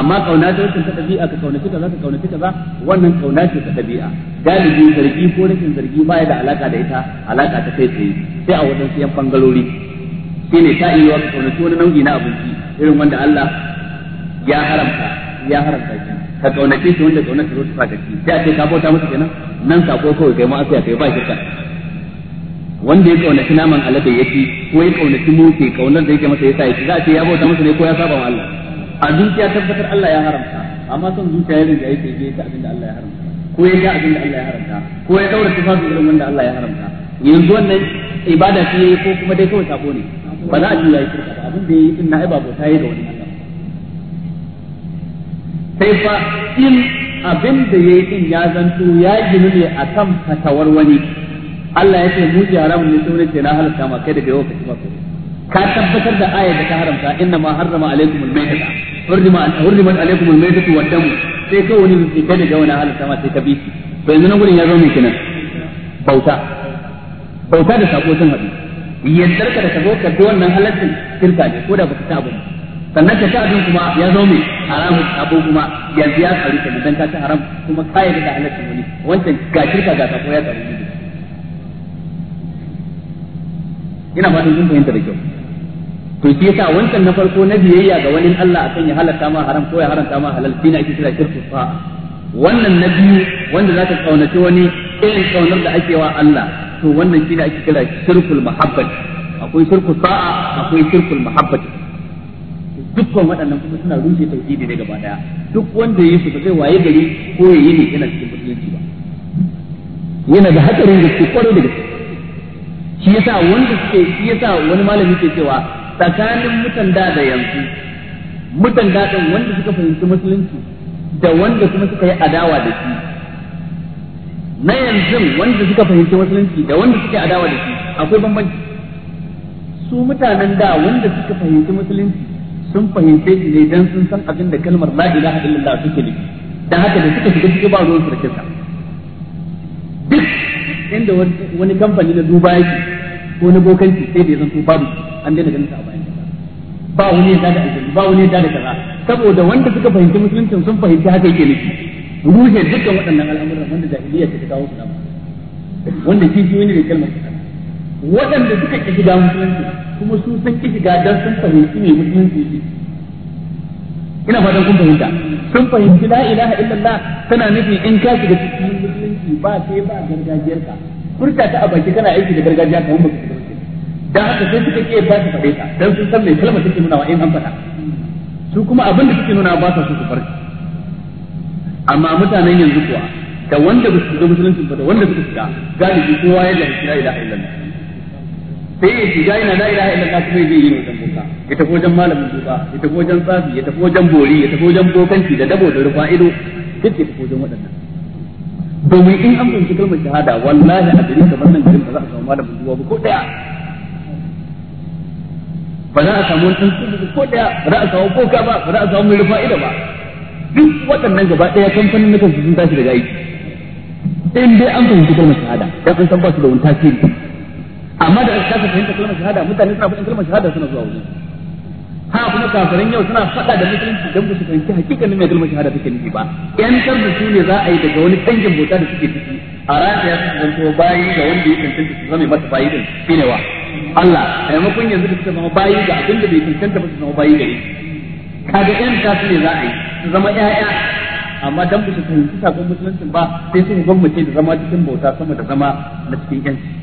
Speaker 1: amma kauna ta rashin ta ɗabi'a ka kaunaci kaza ka kaunaci kaza wannan kauna ce ta ɗabi'a galibi zargi ko rashin zargi baya da alaka da ita alaka ta kai tsaye sai a wajen siyan bangarori shi ne ta iya ka kaunaci wani nau'i na abinci irin wanda Allah ya haramta ya haramta shi ka kaunace shi wanda kaunar shi ta kake sai a ce ka bauta masa kenan nan sako kawai kai ma asiya kai ba shirka wanda ya kaunaci naman alade ya ci ko ya kaunaci muke kaunar da yake masa ya sa ya ci za a ce ya bauta masa ne ko ya saba wa Allah a zuciya tabbatar Allah ya haramta amma son zuciya ya rinka yake je ta abin da Allah ya haramta ko ya ga abin da Allah ya haramta ko ya daura tufafi irin wanda Allah ya haramta yanzu wannan ibada ce ko kuma dai kawai sako ne ba za a yi ya shirka ba abin da ya yi din na ai ba bauta ya ga wani sai fa in abin da yayi din ya zanto ya ginu ne akan fatawar wani Allah ya ce mu ji haramun ne sai ce na halatta ma kai daga yau ka ci ba ka tabbatar da ayar da ta haramta inna ma harrama alaikum al-maytata hurrima hurrimat alaikum al-maytatu wa damu sai kai wani bai kai daga wani halatta ma sai ka bi shi to yanzu nan gurin ya zo mai kenan bauta bauta da sako sun haɗu yaddar ka da ka zo ka bi wannan halaccin shirka ne ko da baka ta abu ba sannan ka ci abin kuma ya zo mai haramun abu kuma ya ya tsari ka dan ka ci haram kuma ka yi da halatta wani wancan ga shirka ga sako ya tsari ina fatan kun fahimta da kyau to shi yasa wancan na farko na biyayya ga wani Allah akan ya halatta ma haram ko ya haramta ma halal shi ne ake kira shirku fa wannan na biyu wanda zaka kaunaci wani irin kaunar da ake wa Allah to wannan shi ne ake kira shirkul mahabbati akwai shirku sa'a akwai shirkul mahabbati dukkan waɗannan kuma suna rushe tauhidi ne gaba daya duk wanda ya yi ba zai waye gari ko ya yi ne yana cikin musulunci ba yana da hatsarin gaske kwarai da gaske shi yasa wanda suke shi yasa wani malami ke cewa tsakanin mutan da da yanzu mutan da wanda suka fahimci musulunci da wanda kuma suka yi adawa da shi na yanzu wanda suka fahimci musulunci da wanda suke adawa da shi akwai bambanci su mutanen da wanda suka fahimci musulunci sun fahimce shi ne dan sun san abin da kalmar la ilaha illallah suke nufi dan haka da suka shiga cikin ba ruwan su da sa. duk inda wani kamfani na duba yake ko na bokanci sai da ya zanto babu an daina ganin sa a bayan ba wani ya da aljanna ba wani ya da kaza saboda wanda suka fahimci musuluncin sun fahimci haka yake nufi ruhe dukkan waɗannan al'amuran wanda jahiliya ta kawo su dama wanda kifi wani da kalmar waɗanda suka ƙi shiga musulunci kuma su sun ƙi shiga don sun fahimci ne musulunci ne ina fatan kun fahimta sun fahimci la ilaha illallah tana nufin in ka shiga cikin musulunci ba sai ba gargajiyarka furta ta a baki kana aiki da gargajiya kamar ba dan haka sai suka ƙi ba su faɗe ta don sun san mai kalmar take nuna wa in an faɗa su kuma abin da suke nuna ba sa su su farki amma mutanen yanzu kuwa da wanda ba su shiga musulunci ba da wanda suka shiga galibi kowa ya da la ilaha illallah sai ya shiga na la ilaha illa Allah sai zai yi wajen boka ya tafi wajen malamin boka ya tafi wajen tsafi ya tafi wajen bori ya tafi wajen bokanci da dabo da rufa ido duk ya tafi wajen waɗannan domin in an kunshi kalmar shahada wallahi a gari kamar nan garin ba za a samu malamin boka ba ko daya ba za a samu wani tsantsar ko daya ba za a samu boka ba ba za a samu mai rufa ido ba duk waɗannan gaba ɗaya kamfanin na nukan sun tashi daga aiki in dai an fahimci kalmar shahada dan an san ba su da wani tasiri amma da aka fahimta kalmar shahada mutane suna faɗin kalmar shahada suna zuwa wurin ha kuma kafirin yau suna faɗa da musulunci don su fahimci hakikanin mai kalmar shahada take nufi ba yan da su ne za a yi daga wani dangin bauta da suke ciki a rataya su zanto bayi ga wanda ya cancanta su zama masa bayi din ne wa Allah maimakon yanzu da suka zama bayi ga abin da bai cancanta ba su zama bayi gare kaga yan ta su ne za a yi su zama ƴaƴa amma dan ba su fahimci sakon musuluncin ba sai sun gwamnati da zama cikin bauta sama da zama na cikin yanci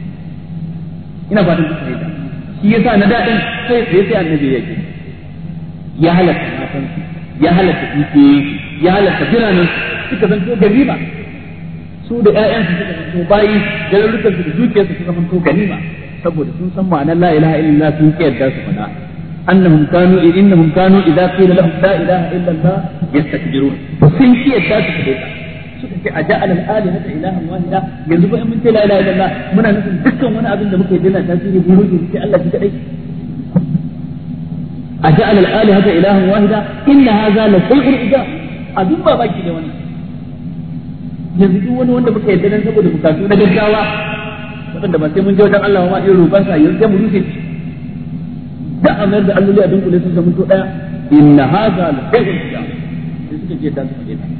Speaker 1: ina fatan ku fahimta shi yasa na daɗin sai sai sai annabi ya ce ya halatta matan ya halatta dukiyoyin ya halatta biranen suka zanto ganima su da ƴaƴansu suka zanto bayi garurukan su da dukiyarsu suka zanto ganima saboda sun san ma'ana la ilaha illallah sun ki yarda su faɗa annahum kanu innahum kanu idza qila lahum la ilaha illallah yastakbirun sun ki yarda su faɗa suka ce aja'al al-alihata ilahan wahida yanzu ba in mun ce la ilaha illallah muna nufin dukkan wani abin da muka yi dana tasiri mu sai Allah shi kadai aja'al Ali alihata ilahan wahida inna hadha la shay'un ijab abin babaki ne wani yanzu duk wani wanda muka yarda dan saboda bukatu na gaggawa wanda ba sai mun je wajen Allah ma irin roƙon sa yanzu sai mu rufe shi da amar da Allah ya dunkule sun zama to daya inna hadha la shay'un ijab sai suka ce ta su fadita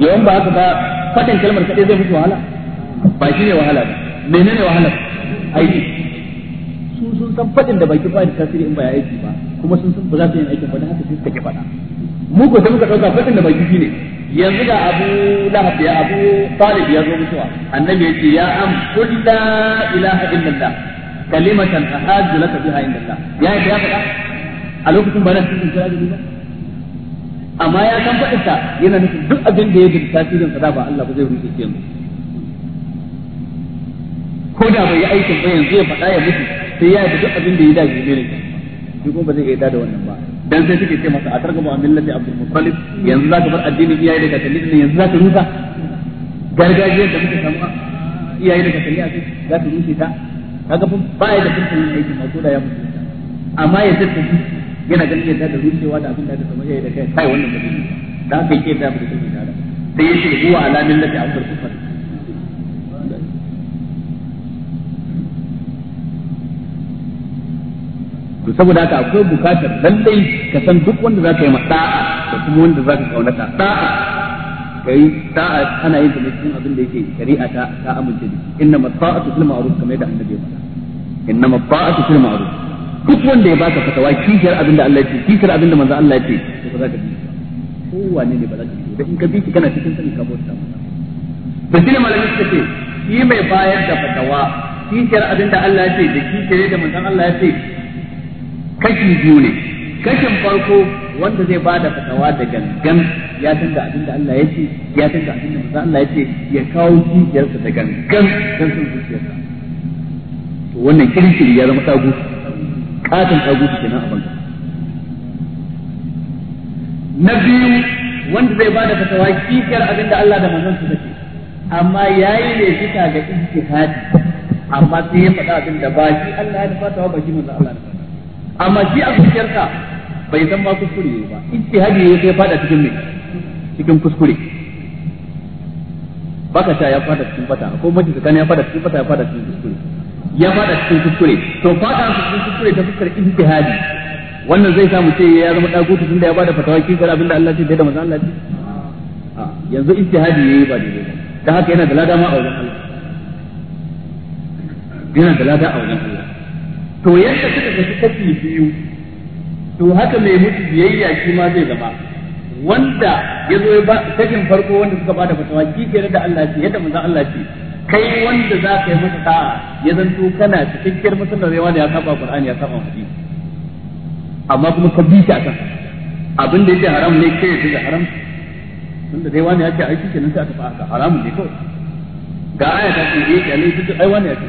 Speaker 1: yawan ba haka ba fatan kalmar kaɗai zai mutu wahala ba shi ne wahala ba menene wahala aiki su sun san faɗin da baki ba da tasiri in ba ya aiki ba kuma sun san ba za su yi aikin ba da haka sai suka ki faɗa mu ko sai muka ɗauka faɗin da baki ne yanzu da Abu Lahab ya Abu Talib ya zo mutuwa annabi ya ce ya am kullu ilaha illallah kalimatan ahad laka biha indallah ya ya faɗa a lokacin ba na cikin kira da ba amma ya san faɗinsa yana nufin duk abin da ya bi tasirin da ba Allah ba zai rushe shi yanzu ko da bai yi aikin ba yanzu ya faɗa ya mutu sai ya yi duk abin da ya dace ne shi kuma ba zai iya da wannan ba dan sai suke ce masa a tarka ba millati abdul muttalib yanzu za ka bar addinin iyaye da kalli ne yanzu za ka rusa gargajiya da muke samu iyaye da kalli a ce za ka rushe ta kaga ba ya da furfin aikin ma ko da ya mutu amma ya tattafi yana ganin ta da rushewa da abin da ta samu yayi da kai kai wannan dalili da aka yi da abin da yake da sai zuwa alamin ala ya abdul kufar to saboda haka akwai bukatar lallai ka san duk wanda zaka yi masa da kuma wanda zaka kaunata da'a kai da'a ana yin ta cikin abin da yake shari'a ta ta amince da shi inna mata'atu fil ma'ruf kamar da annabi ya faɗa inna mata'atu fil ma'ruf duk wanda ya baka fatawa kishiyar abin da Allah ya ce kishiyar abin da manzo Allah ya ce ba za ka bi ko wane ne ba za ka bi da in ka bi shi kana cikin sanin ka bauta da shi ne malami suka ce shi mai bayar da fatawa kishiyar abin da Allah ya ce da kishiyar da manzo Allah ya ce kashi biyu ne kashin farko wanda zai bada fatawa da gangan ya san da abin da Allah ya ce ya san da abin da manzo Allah ya ce ya kawo kishiyarsa da gangan dan sun zuciyarsa to wannan kirkiri ya zama tagu katin kenan a banka na biyu wanda zai bada fatawa kifiyar abin da Allah da manzon su zake amma yayi ne bisa ga ijtihadi amma sai ya faɗa abin da ba shi Allah ya fatawa ba shi manzon Allah amma shi a bai san kuskure ba ijtihadi sai fada cikin mai cikin kuskure baka ta ya fada cikin fata ko ya fada cikin fata ya fada cikin kuskure ya fada cikin kuskure to fada cikin kuskure ta fuskar ijtihadi wannan zai samu ce ya zama tun da ya bada fatawa kin kar abinda Allah ce da manzo Allah ce yanzu ijtihadi yayi ba daidai ba dan haka yana da ladama a wurin Allah yana da lada a wajen Allah to yadda kuka ga kashi biyu to haka mai mutu biyayya shi ma zai zama wanda ya zo ya ba farko wanda suka bada fatawa kike da Allah ce yadda manzo Allah ce kai wanda za ka yi masa ta'a ya zanto kana cikakkiyar musulman rewa da ya saba qur'ani ya saba hadisi amma kuma ka bi ta akan abin da yake haram ne kai yake da haram da dai wani ya ce aiki kenan sai aka fa haka haramun ne kawai ga aya ta ce eh, yake ne duk ai wani ya ce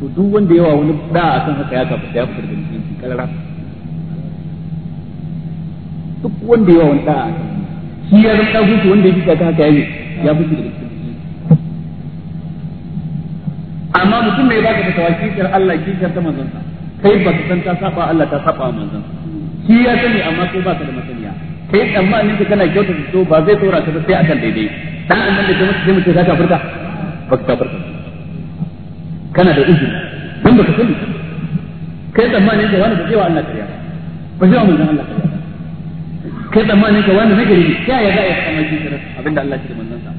Speaker 1: to duk wanda yawa wani da'a akan haka ya kafa ya fitar da mutunci kalara duk wanda yawa wani da shi ya zama ɗauki wanda ya fi haka ya yi ya fi da amma mutum bai baka fatawa kishiyar Allah kishiyar ta manzansa kai ba ka san ta saba Allah ta saba manzansa shi ya sani amma kai ka da masaniya kai tsammanin ka kana kyauta da so ba zai tsora ka sai akan daidai dan annabi da mutum sai mutum ka kafirta ba ka kafirta kana da izini dan ka sani kai tsammanin ka wani ba zai wa Allah kariya ba zai wa manzon Allah kariya kai tsammanin ka wani nagari ne ya ya za a yi kamar abinda Allah ya ce manzansa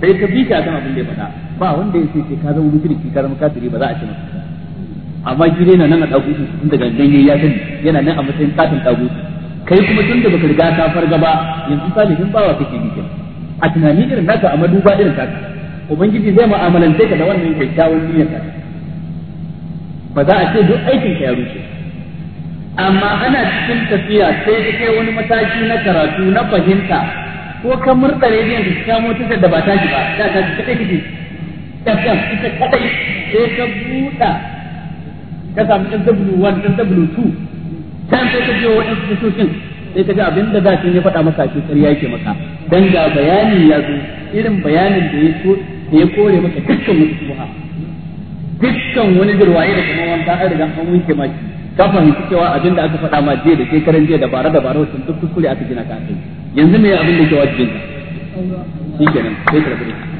Speaker 1: sai ka bi ka kan abin da ya faɗa ba wanda ya ce ka zama mushriki ka zama kafiri ba za a ci maka amma shi dai na nan a dagutu tun daga ganye ya sani yana nan a matsayin katin dagutu kai kuma tun da baka riga ka farga ba yanzu salihin bawa kake bi a tunani irin naka a maduba irin taka ubangiji zai mu'amalance ka da wannan kyakkyawan niyyar ka ba za a ce duk aikin ka ya rushe amma ana cikin tafiya sai ka kai wani mataki na karatu na fahimta ko ka da rediyon ka ta tutar da ba ta ba da ka ji kake dafdan ita kadai sai ka buɗa ka samu ɗan w ɗan can sai ka waɗansu sai ka ji abin da za ya faɗa maka shi ƙarya yake maka dan ga bayani ya zo irin bayanin da ya so da ya kore maka dukkan wata subha dukkan wani jirwaye da kuma wanda an riga an wanke ma shi ka fahimci cewa abin da aka faɗa ma je da ke jiya da bara da bara wasu duk kuskure aka gina ka yanzu me abin da ke wajibin
Speaker 2: ka
Speaker 1: shikenan sai ka rabu da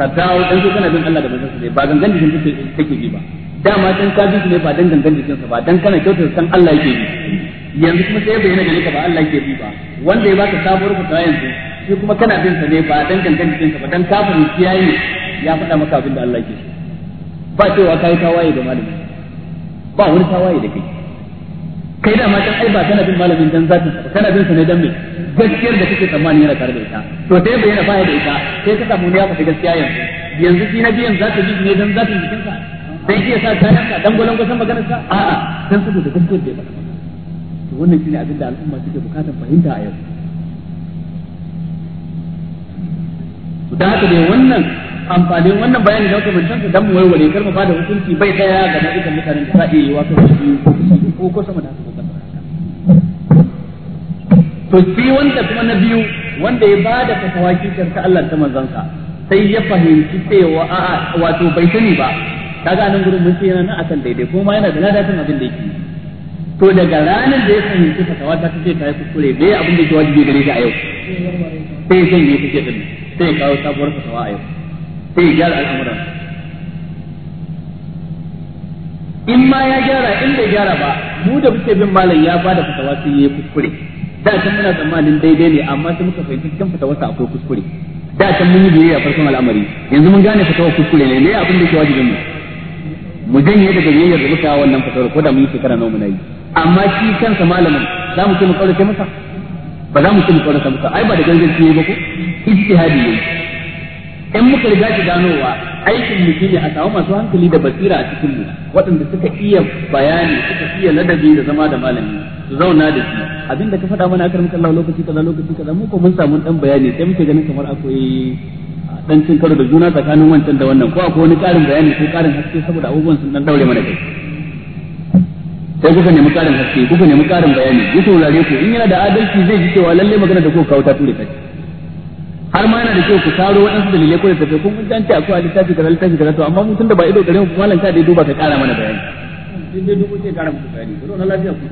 Speaker 1: ka dawo dan kana bin Allah da manzon sa ba gangan jikin take bi ba dama dan ka bi ne ba dan gangan jikin sa ba dan kana kyautar san Allah yake bi yanzu kuma sai bayyana gare ka ba Allah yake bi ba wanda ya baka sabuwar ta yanzu shi kuma kana bin sa ne ba dan gangan jikin sa ba dan kafirin kiyaye ya faɗa maka abin da Allah yake ba cewa kai tawaye da malami ba wani tawaye da kai kai da matan ai ba kana bin malamin dan zaki sa kana bin sa ne dan me gaskiyar da kake tsammani yana tare da ita to sai yana baya da ita sai ka samu ya fita gaskiya yanzu yanzu shi na biyan zata bi ne dan zaki jikin ka sai iya sa kayan ka dan golan gosan maganar sa a'a dan saboda gaskiyar da ya to wannan shine abin da al'umma suke bukatar fahimta a yau da haka dai wannan amfanin wannan bayani da muka bincanta dan mu warware kar mu bada hukunci bai daya ga dukkan mutanen da za yi wato ko ko sama da haka to shi wanda kuma na biyu wanda ya bada fatawaki kan ka Allah ta manzansa sai ya fahimci cewa a'a wato bai sani ba kaga nan gurin mun ce yana nan akan daidai kuma yana da ladatin abin da yake to daga ranar da ya fahimci fatawa ta ce ta yi kuskure bai abin da yake wajibi gare shi a yau sai ya yi take din sai ya kawo sabuwar fatawa a yau sai ya gyara al'amuran in ma ya gyara in bai gyara ba mu da muke bin malam ya bada fitawa sai ya yi kuskure da can muna tsammanin daidai ne amma sai muka fahimci cikin sa akwai kuskure da can mun yi biyayya farkon al'amari yanzu mun gane fitawar kuskure ne ne abin da ke wajibin mu mu janye daga biyayyar da muka wannan fitawar ko da mun yi shekara nawa muna yi amma shi kansa malamin za mu ce mu kaurace masa ba za mu ce mu kaurace masa ai ba da gangan ciye ba ko ijtihadi ne in muka riga shi ganowa aikin mu shine a samu masu hankali da basira a cikin mu waɗanda suka iya bayani suka iya ladabi da zama da malami su zauna da shi abinda ka faɗa mana akar kallon lokaci kaza lokaci kaza mu ko mun samu dan bayani sai muke ganin kamar akwai dan ah, cin karo da juna tsakanin wancan da wannan ko akwai wani ƙarin bayani ko ƙarin haske saboda abubuwan sun dan daure mana kai sai kuka nemi ƙarin haske kuka nemi ƙarin bayani ya saurare ku in yana da adalci zai ji cewa lalle magana da kuka kawo ta ture kai har ma yana da kyau ku taro waɗansu dalilai ko da tafi kun kun an ce akwai littafi kaza littafi kaza to amma mun tunda ba ido gare mu lanta da dai duba ka ƙara mana bayani din dai dubo sai ƙara muku bayani na lafiya ku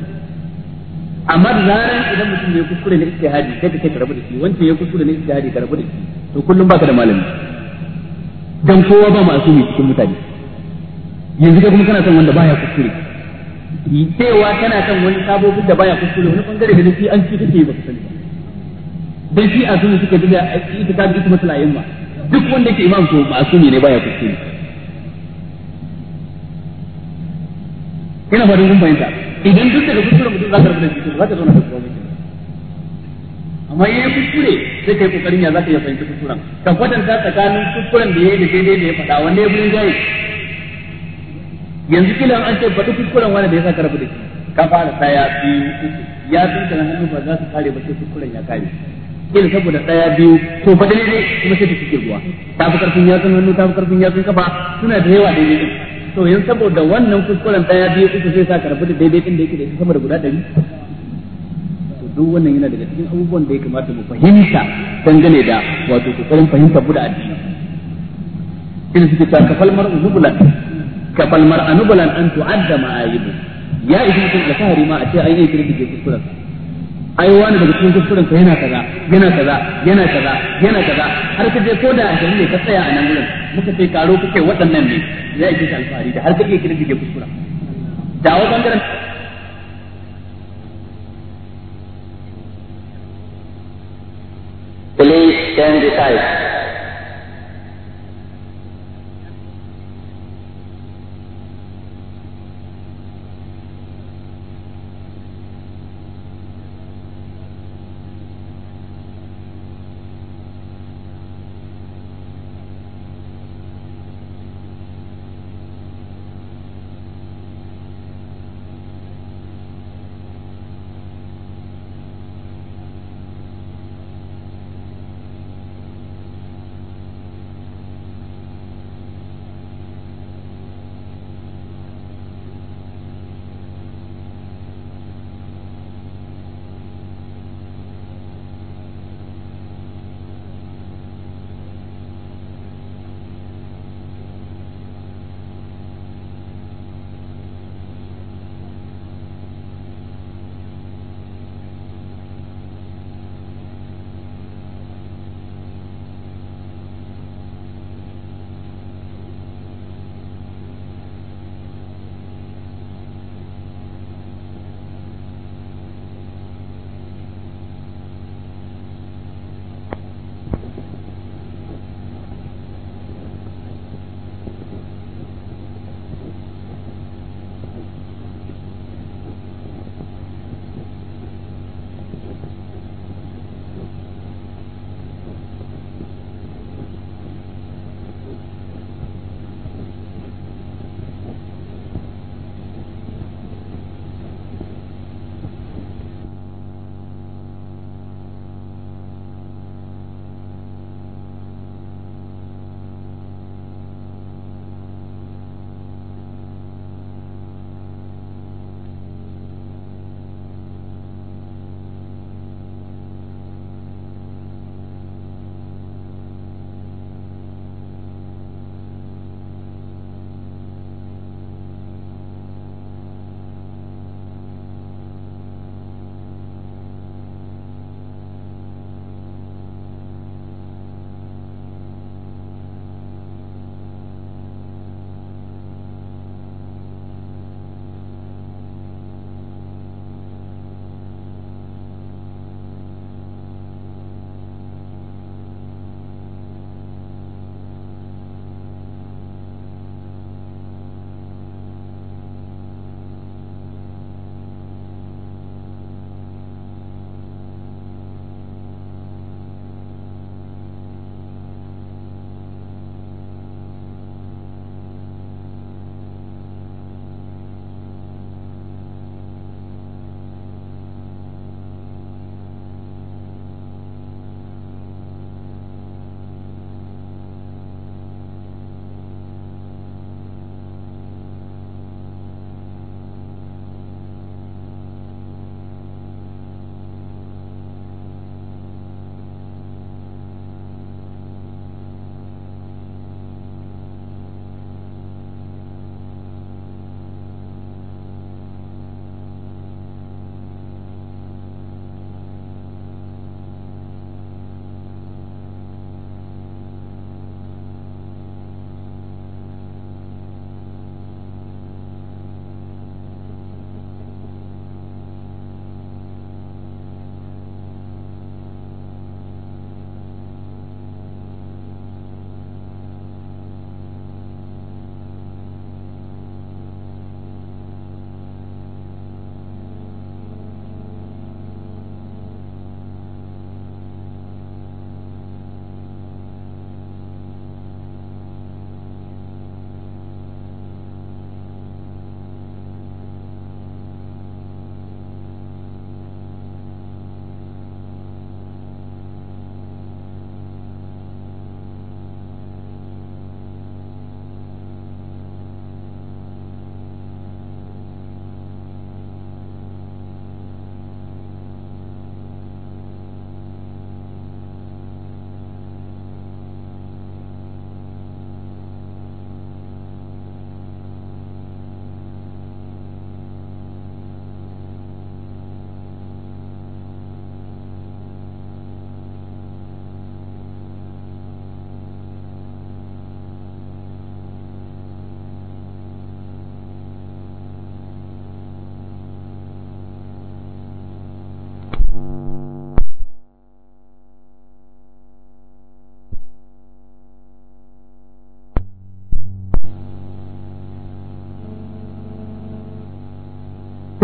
Speaker 1: amma da zaran idan mutum ya kuskure na ijtihadi sai ka kai karabu da shi wanda ya kuskure na ijtihadi ka karabu da shi to kullum baka da malami dan kowa ba mai cikin mutane yanzu kai kuma kana son wanda baya kuskure cewa kana son wani sabo da baya kuskure wani bangare da nufi an ci yi ba ka sani ba dan shi a sun suka duba itikadi ita masala ba duk wanda yake imam to ba sunni ne baya kuskure ina fatan kun fahimta idan duk daga kuskure mutum zaka da shi zaka zo na kuskure amma ya kuskure sai kai kokarin ya zaka ya fahimci kuskuren ka kwatanta tsakanin kuskuren da yayi da daidai da ya faɗa wanda ya bin jayi yanzu kila an ce faɗi kuskuren wanda da ya saka da shi ka fara ya fi uku ya tunta na hannu ba za su kare ba sai kuskuren ya kare da saboda daya biyu ko ba daidai kuma sai take cike ruwa ta fi karfin yatsun hannu ta fi karfin yatsun kafa suna da yawa daidai din to yanzu saboda wannan kuskuren daya biyu uku sai sa karbi da daidai din da yake da ita sama da guda ɗari to duk wannan yana daga cikin abubuwan da ya kamata mu fahimta dangane da wato kokarin fahimta buda addini ina suke ta kafal mar'u zubulan kafal mar'u nubulan an tu'adda ma'ayibu ya idan kun da kahari ma a ce ai ne kirki ke kuskuren ai wani daga cikin kuskuren ka yana kaza yana kaza yana kaza yana kaza har ka je ko da ashirin ne ka tsaya a nan gurin muka ce karo kuke waɗannan ne ya kisa alfahari da har ka iya kirkige kuskura da wa bangaren Please stand aside.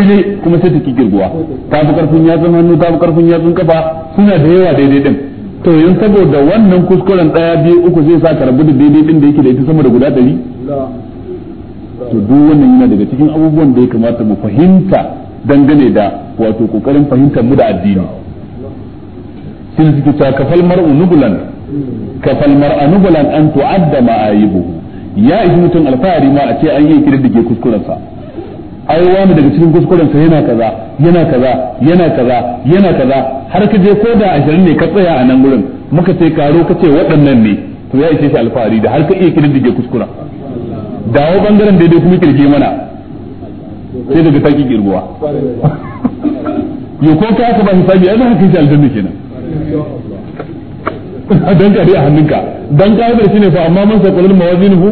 Speaker 3: dunkule kuma sai ta ki girguwa ta fi karfin yatsun hannu ta fi karfin yatsun kafa suna da yawa daidai din to yin saboda wannan kuskuren daya biyu uku zai sa ka rabu da daidai din da yake da ita sama da guda ɗari to duk wannan yana daga cikin abubuwan da ya kamata mu fahimta dangane da wato kokarin fahimtar mu da addini sun suke ta kafal mar'u nubulan kafal mar'a nubulan an tu'adda ma'ayibu ya ishi mutum alfahari ma a ce an yi kiran da ke kuskurensa ai wani daga cikin kuskuren sa yana kaza yana kaza yana kaza yana kaza har ka je ko da 20 ne ka tsaya a nan gurin muka ce karo ka ce waɗannan ne to ya ishe shi alfahari da har ka iya dige kuskura dawo bangaren daidai kuma kirge mana sai daga taki kirguwa yo ko ka aka ba hisabi ai haka shi aljanna kenan dan ka dai a hannunka dan ka da shine fa amma man qulul mawazinuhu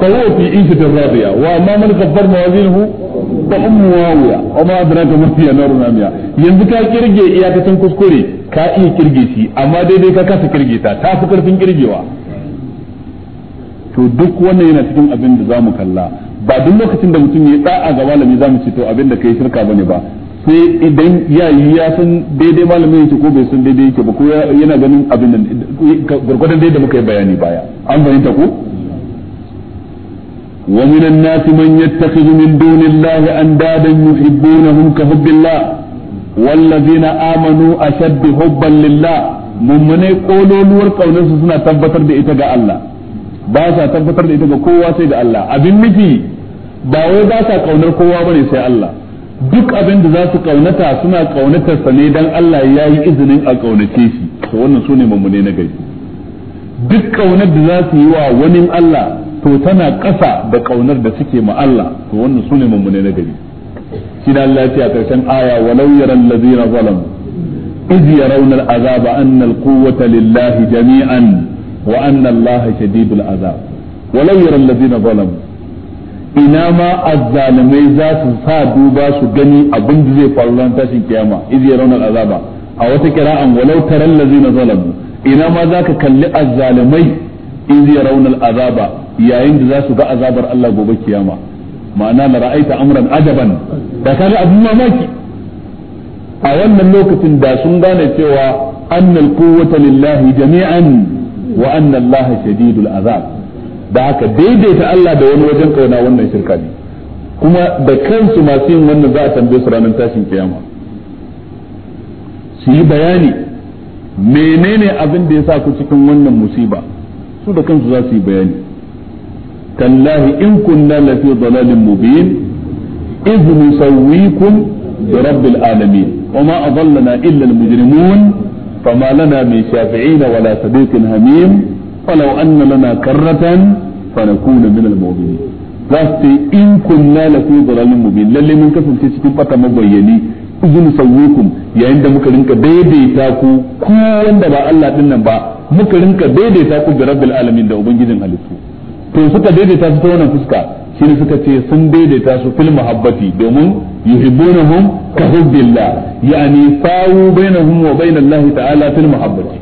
Speaker 3: fa huwa fi da radiya wa amma man kabbar mawazinuhu ba ummu wawiya wa ma yanzu ka kirge iyakacin kuskure ka iya kirge shi amma daidai ka kasa kirge ta ta fi karfin kirgewa to duk wannan yana cikin abin da zamu kalla ba duk lokacin da mutum ya a ga malami zamu ce to abin da kai shirka bane ba sai idan ya yi ya san daidai malamin yake ko bai sun daidai yake ba ko yana ganin abin da gurgurdan da muka yi bayani baya an fahimta ko ومن الناس من يتخذ من دون الله أندادا يحبونهم كحب الله والذين آمنوا أشد حبا لله mummune kololuwar kaunarsu suna tabbatar da ita ga Allah ba sa tabbatar da ita ga kowa sai ga Allah abin miji ba ba sa Allah duk abin da za su kaunata suna kaunatar sa ne dan Allah ya yi izinin a kaunace shi to wannan sune mummune na gari duk kaunar da za su yi wa wani Allah to tana ƙasa da ƙaunar da suke ma Allah to wannan sune mummune na gari shi da Allah ya karshen aya walau yaral ladzina zalamu iz yarawna al'azaba anna al-quwwata lillahi jami'an wa anna Allah shadidul azab walau yaral ladzina zalamu ina ma azzalimai za su sa duba su gani abin da zai faru ran tashin kiyama iz yarawna al'azaba a wata kira'an walau taral ladzina zalamu ina ma zaka kalli azzalimai iz yarawna al'azaba yayin da za su ga azabar Allah gobe kiyama ma'ana la ra'aita amran ajaban da kaga abin mamaki a wannan lokacin da sun gane cewa annal quwwata lillahi jami'an wa anna Allah shadidul azab da haka daidaita Allah da wani wajen kauna wannan shirka ne kuma da kansu masu yin wannan za a tambaye su ranar tashin kiyama su yi bayani menene abin da ya sa ku cikin wannan musiba su da kansu za su yi bayani tallahi in kunna lafi dalalin mubin iz nusawwikum bi rabbil alamin wa ma adallana illa al mujrimun fama lana min shafi'in wala sadiqin hamim falau anna lana karratan fanakuna min al za su in kunna lafi dalalin mubin lalle mun kasance cikin fata mabayyani izin sauwikum yayin da muka rinka daidaita ku ku wanda ba Allah din nan ba muka rinka daidaita ku da rabbil alamin da ubangijin halittu to suka daidaita su ta wannan fuska shine suka ce sun daidaita su fil mahabbati domin yuhibbunahum ka hubbillah yani sawu bainahum wa bainallahi ta'ala fil mahabbati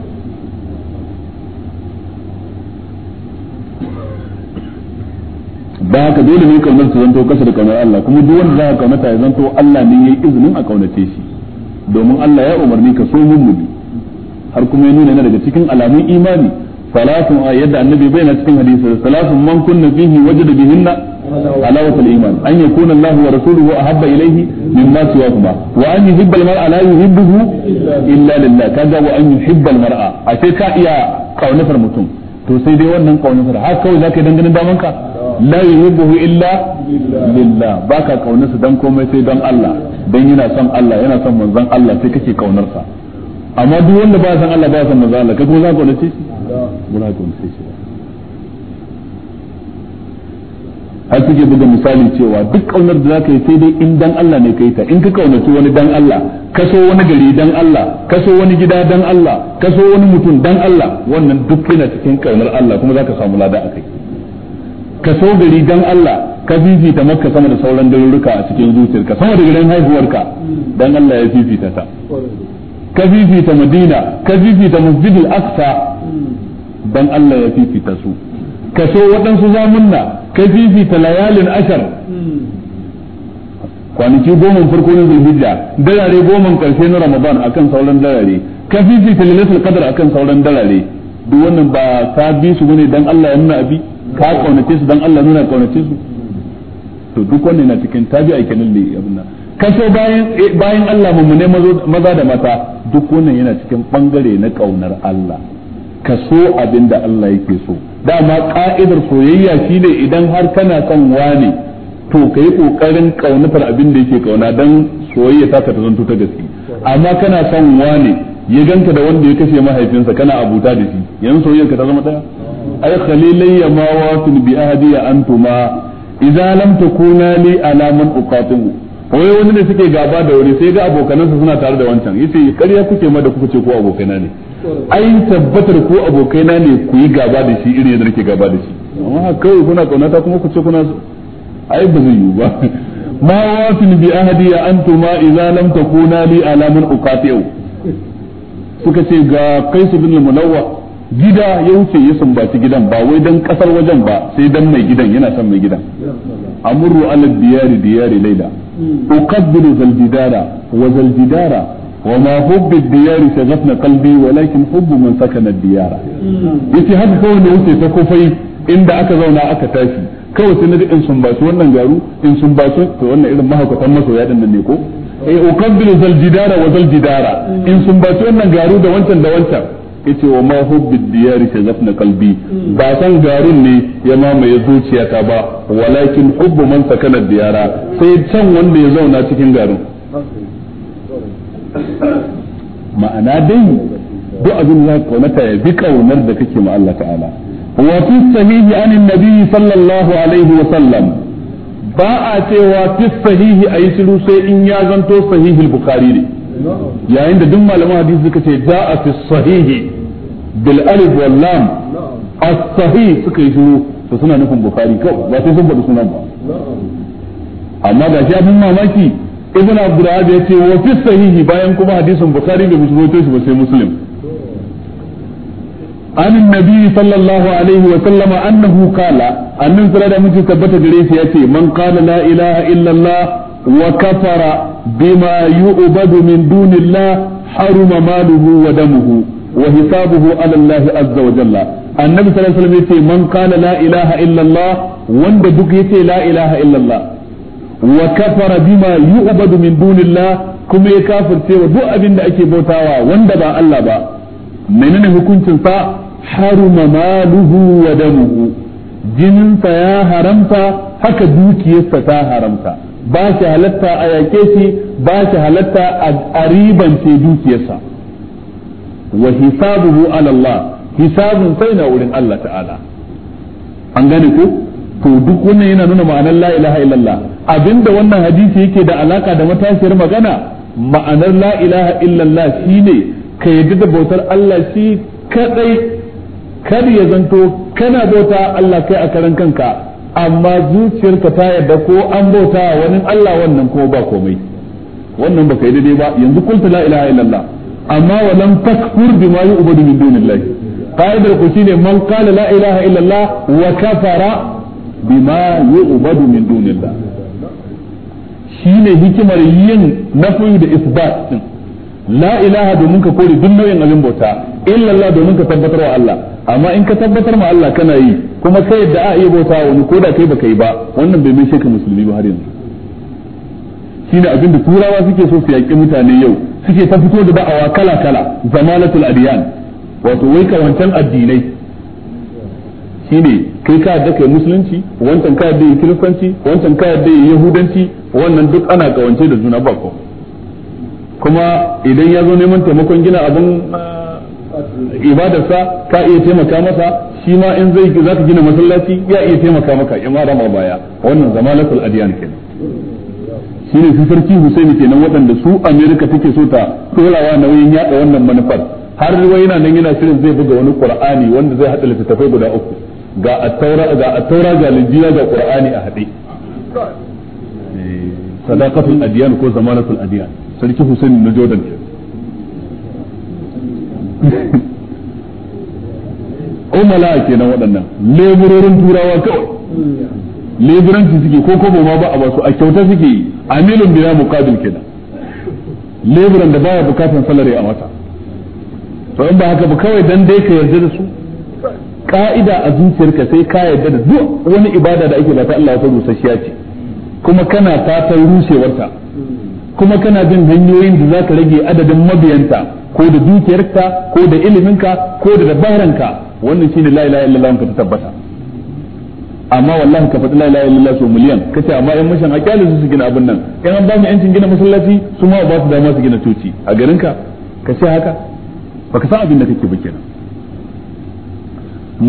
Speaker 3: ba haka dole ne kaunar su zanto kasa da kaunar Allah kuma duk wanda za ka kaunata ya zanto Allah ne yayi izinin a kaunace shi domin Allah ya umarni ka so mun har kuma ya nuna yana daga cikin alamun imani salatun a yadda annabi bayyana cikin hadisi salatun man kunna fihi wajada bihinna alawat al-iman anya yakuna Allah wa rasuluhu ahabba ilayhi mimma siwahuma wa an yuhibba al-mar'a la yuhibbuhu illa lillah kaga wa an yuhibba al-mar'a a sai ka iya kaunatar mutum to sai dai wannan kaunatar har kawai zaka dangane daman ka la yuhibbuhu illa lillah baka kaunarsa dan komai sai dan Allah dan yana son Allah yana son manzon Allah sai kake kaunarsa amma duk wanda ba san Allah ba san manzon Allah kai kuma za ka muna shi har suke buga misali cewa duk kaunar da zaka yi sai dai in dan Allah ne kai ta in ka kaunaci wani dan Allah kaso wani gari dan Allah kaso wani gida dan Allah kaso wani mutum dan Allah wannan duk yana cikin kaunar Allah kuma zaka samu lada a kai. kaso gari dan Allah ka fifita maka sama da sauran garuruka a cikin zuciyarka sama da gidan haihuwarka dan Allah ya fifita ta ka fifita Madina ka fifita Masjidil Aqsa dan Allah ya fifita su ka so waɗansu zamunna ka fifita layalin ashar kwanaki goma farko na zulhijja dalare goma karshe na ramadan akan sauran dalare ka fifita lailatul qadr akan sauran dalare duk wannan ba ka bi su bane dan Allah ya nuna abi ka kaunace su dan Allah nuna kaunace su to duk wannan na cikin tabi'a kenan ne abin nan kaso bayan eh, bayan Allah mu ne maza da mata duk wannan yana cikin bangare na kaunar Allah ka so abin da Allah yake so dama ka'idar soyayya shine idan har kana son wani to ka yi ƙoƙarin ƙaunatar abin da yake ƙauna don soyayya ta ka ta ta gaske amma kana son wani ya ganka da wanda ya kashe mahaifinsa kana abuta da shi yanzu soyayyarka ta zama ɗaya ai khalilayya ma wasun bi ya antuma idza lam takuna li alaman uqatimu wai wani ne suke gaba da wani sai ga abokanansa suna tare da wancan yace ƙarya kuke ma da kuka ce ko abokaina ne ai tabbatar ko abokaina ne ku yi gaba da shi irin yadda nake gaba da shi amma kawai kuna kaunata kuma ku ce kuna ai ba zai yiwu ba ma wafin bi ahadi ya antuma idza lam takuna li alamin uqati'u suka ce ga kaisu bin munawwa gida ya wuce ya sumbaci gidan ba wai dan kasar wajen ba sai dan mai gidan yana son mai gidan أمر على الديار ديار ليلى أقبل ذا الجدار وذا الجدار وما حب الديار شغفنا قلبي ولكن حب من سكن الديار yace haka kawai da wuce ta kufai inda aka zauna aka tashi kawai sai naji in sun basu wannan garu in sun basu to wannan irin mahaukatan masoya din nan ne ko eh uqabbilu zal wa in sun basu wannan garu da wancan da wancan yace wa ma hubbid diyari shagafna qalbi ba san garin ne ya mamaye zuciyata ba walakin hubbu man sakana diyara sai can wanda ya zauna cikin garin ma'ana dai duk abin da kaunata ya bi kaunar da kake ma Allah ta'ala wa fi sahihi anin nabi sallallahu alaihi wa sallam ba a cewa fi sahihi ayi shiru sai in ya zanto sahihi bukhari ne yayin da duk malaman hadisi suka ce za a fi sahihi bil alif wal lam suka yi shiru to suna nufin bukhari kawai ba sai sun faɗi sunan ba amma ga shi abin mamaki ibn abdurrahman ya ce wa fi sahihi bayan kuma hadisin bukhari da muslim to ba sai muslim an annabi sallallahu alaihi wa sallama annahu qala annan sura da muke tabbata gare shi ce man qala la ilaha illa allah wa kafara bima haruma damuhu wa hisabuhu ala Allah azza wa annabi sallallahu alaihi wasallam yace man qala la ilaha illa Allah wanda duk yace la ilaha illa Allah wa kafara bima yu'badu min dunillah kuma ya kafirce wa duk abin da ake bautawa wanda ba Allah ba menene hukuncin sa haruma maluhu wa damuhu jininsa ya haramta haka dukiyarsa ta haramta ba shi halatta a yake shi ba shi halatta a ribance dukiyarsa wa hisabuhu ala Allah hisabun sai na wurin Allah ta'ala an gane ko to duk wannan yana nuna ma'anar la ilaha illallah abinda wannan hadisi yake da alaka da matashiyar magana ma'anar la ilaha illallah shine ka yadda da bautar Allah shi kadai kar ya zanto kana bauta Allah kai a karan kanka amma zuciyarka ta yarda ko an bauta wani Allah wannan ko ba komai wannan baka yi daidai ba yanzu kulta la ilaha illallah amma wa lam takfur bima yu'budu min dunillahi qaidar ku shine man qala la ilaha illallah wa kafara bima yu'budu min dunillah shine hikimar yin nafi da isbat din la ilaha domin ka kore duk nau'in abin bauta illallah domin ka tabbatar wa Allah amma in ka tabbatar ma Allah kana yi kuma sai da a iya bauta wani ko da kai baka yi ba wannan bai mai ka musulmi ba har yanzu shine abin da turawa suke so su yaƙi mutane yau suke ta fito da da'awa kala kala zamanatul adiyan wato wai ka wancan addinai shine kai ka yadda kai musulunci wancan ka yadda yi kiristanci wancan ka yadda yahudanci wannan duk ana kawance da juna ba ko kuma idan ya zo neman taimakon gina abin
Speaker 2: eh,
Speaker 3: ibadarsa ka iya taimaka masa shi ma in zai za zaka gina masallaci ya iya taimaka maka ya ma baya wannan zamanatul adiyan kenan shine su sarki Husaini kenan waɗanda su Amerika take so ta tsorawa nauyin yaɗa wannan manufar har ruwa yana nan yana shirin zai buga wani Qur'ani wanda zai hada littattafai guda uku ga at-taura ga at-taura ga linjila ga Qur'ani a haɗe. Eh, sadaqatul adyan ko zamanatul adyan sarki Husaini na Jordan umala kenan waɗannan leburorin turawa kawai leburanci suke ko kobo ma ba a basu a kyauta suke amilin bina muqabil kenan leburan da baya bukatan salari a wata to in ba haka ba kawai dan dai ka yarda da su ka'ida a zuciyarka sai ka yarda da duk wani ibada da ake bata Allah ya rusasshiya ce kuma kana ta fatan rushewarta kuma kana jin hanyoyin da za ka rage adadin mabiyanta ko da dukiyarka ko da iliminka ko da dabaranka wannan shine la ilaha illallah ka tabbata amma wallahi ka faɗi la ilaha illallah so miliyan kace amma yan mushan a su gina abin nan in an ba su yancin gina masallaci su ma ba su dama su gina coci a garin ka ka ce haka baka san abin da kake ba kenan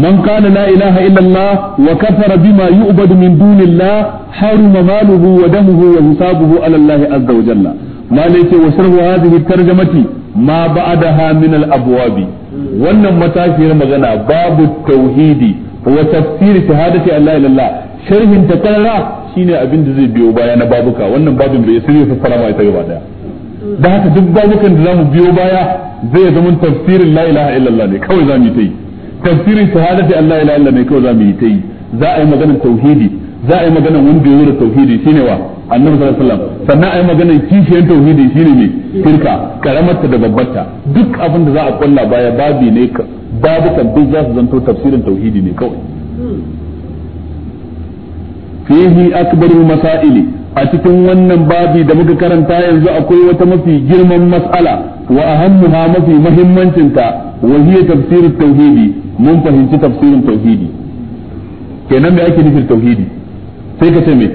Speaker 3: man kana la ilaha illallah wa kafara bima yu'badu min dunillah haruma maluhu wa damuhu wa hisabuhu ala Allah azza wa jalla ma laysa wa sharhu hadhihi tarjamati ma ba'daha min al abwabi wannan matashiyar magana babu tauhidi wa tafsir shahadati Allah ilallah sharhin ta karra shine abin da zai biyo baya na babuka wannan babin bai sirri fassara mai ta gaba daya da haka duk babukan da zamu biyo baya zai zama tafsirin la ilaha illallah ne kawai zamu yi ta yi tafsirin shahadati Allah ilaha ne kawai zamu yi ta yi za a yi maganar tauhidi za a yi maganar wanda ya yi tauhidi shine wa annabi sallallahu alaihi wasallam sannan ayi magana kishiyan tauhidi shine ne firka karamarta da babbarta duk abin da za a kulla baya babi ne babu kan duk za su zanto tafsirin tauhidi ne kawai fihi akbaru masaili a cikin wannan babi da muka karanta yanzu akwai wata mafi girman mas'ala wa ahammuha mafi muhimmancinta wa hiya tafsirut tauhidi mun fahimci tafsirin tauhidi kenan me ake nufin tauhidi sai ka ce me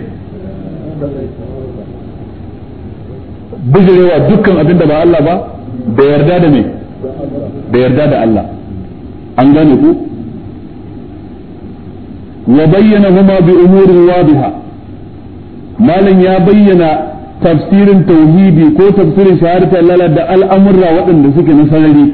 Speaker 3: bijirewa dukkan abin da ba Allah ba da yarda da me da yarda da Allah an gane ku wa bayyana huma bi umurin wadiha malam ya bayyana tafsirin tauhidi ko tafsirin shahadatu Allah da al'amurra waɗanda suke na sarari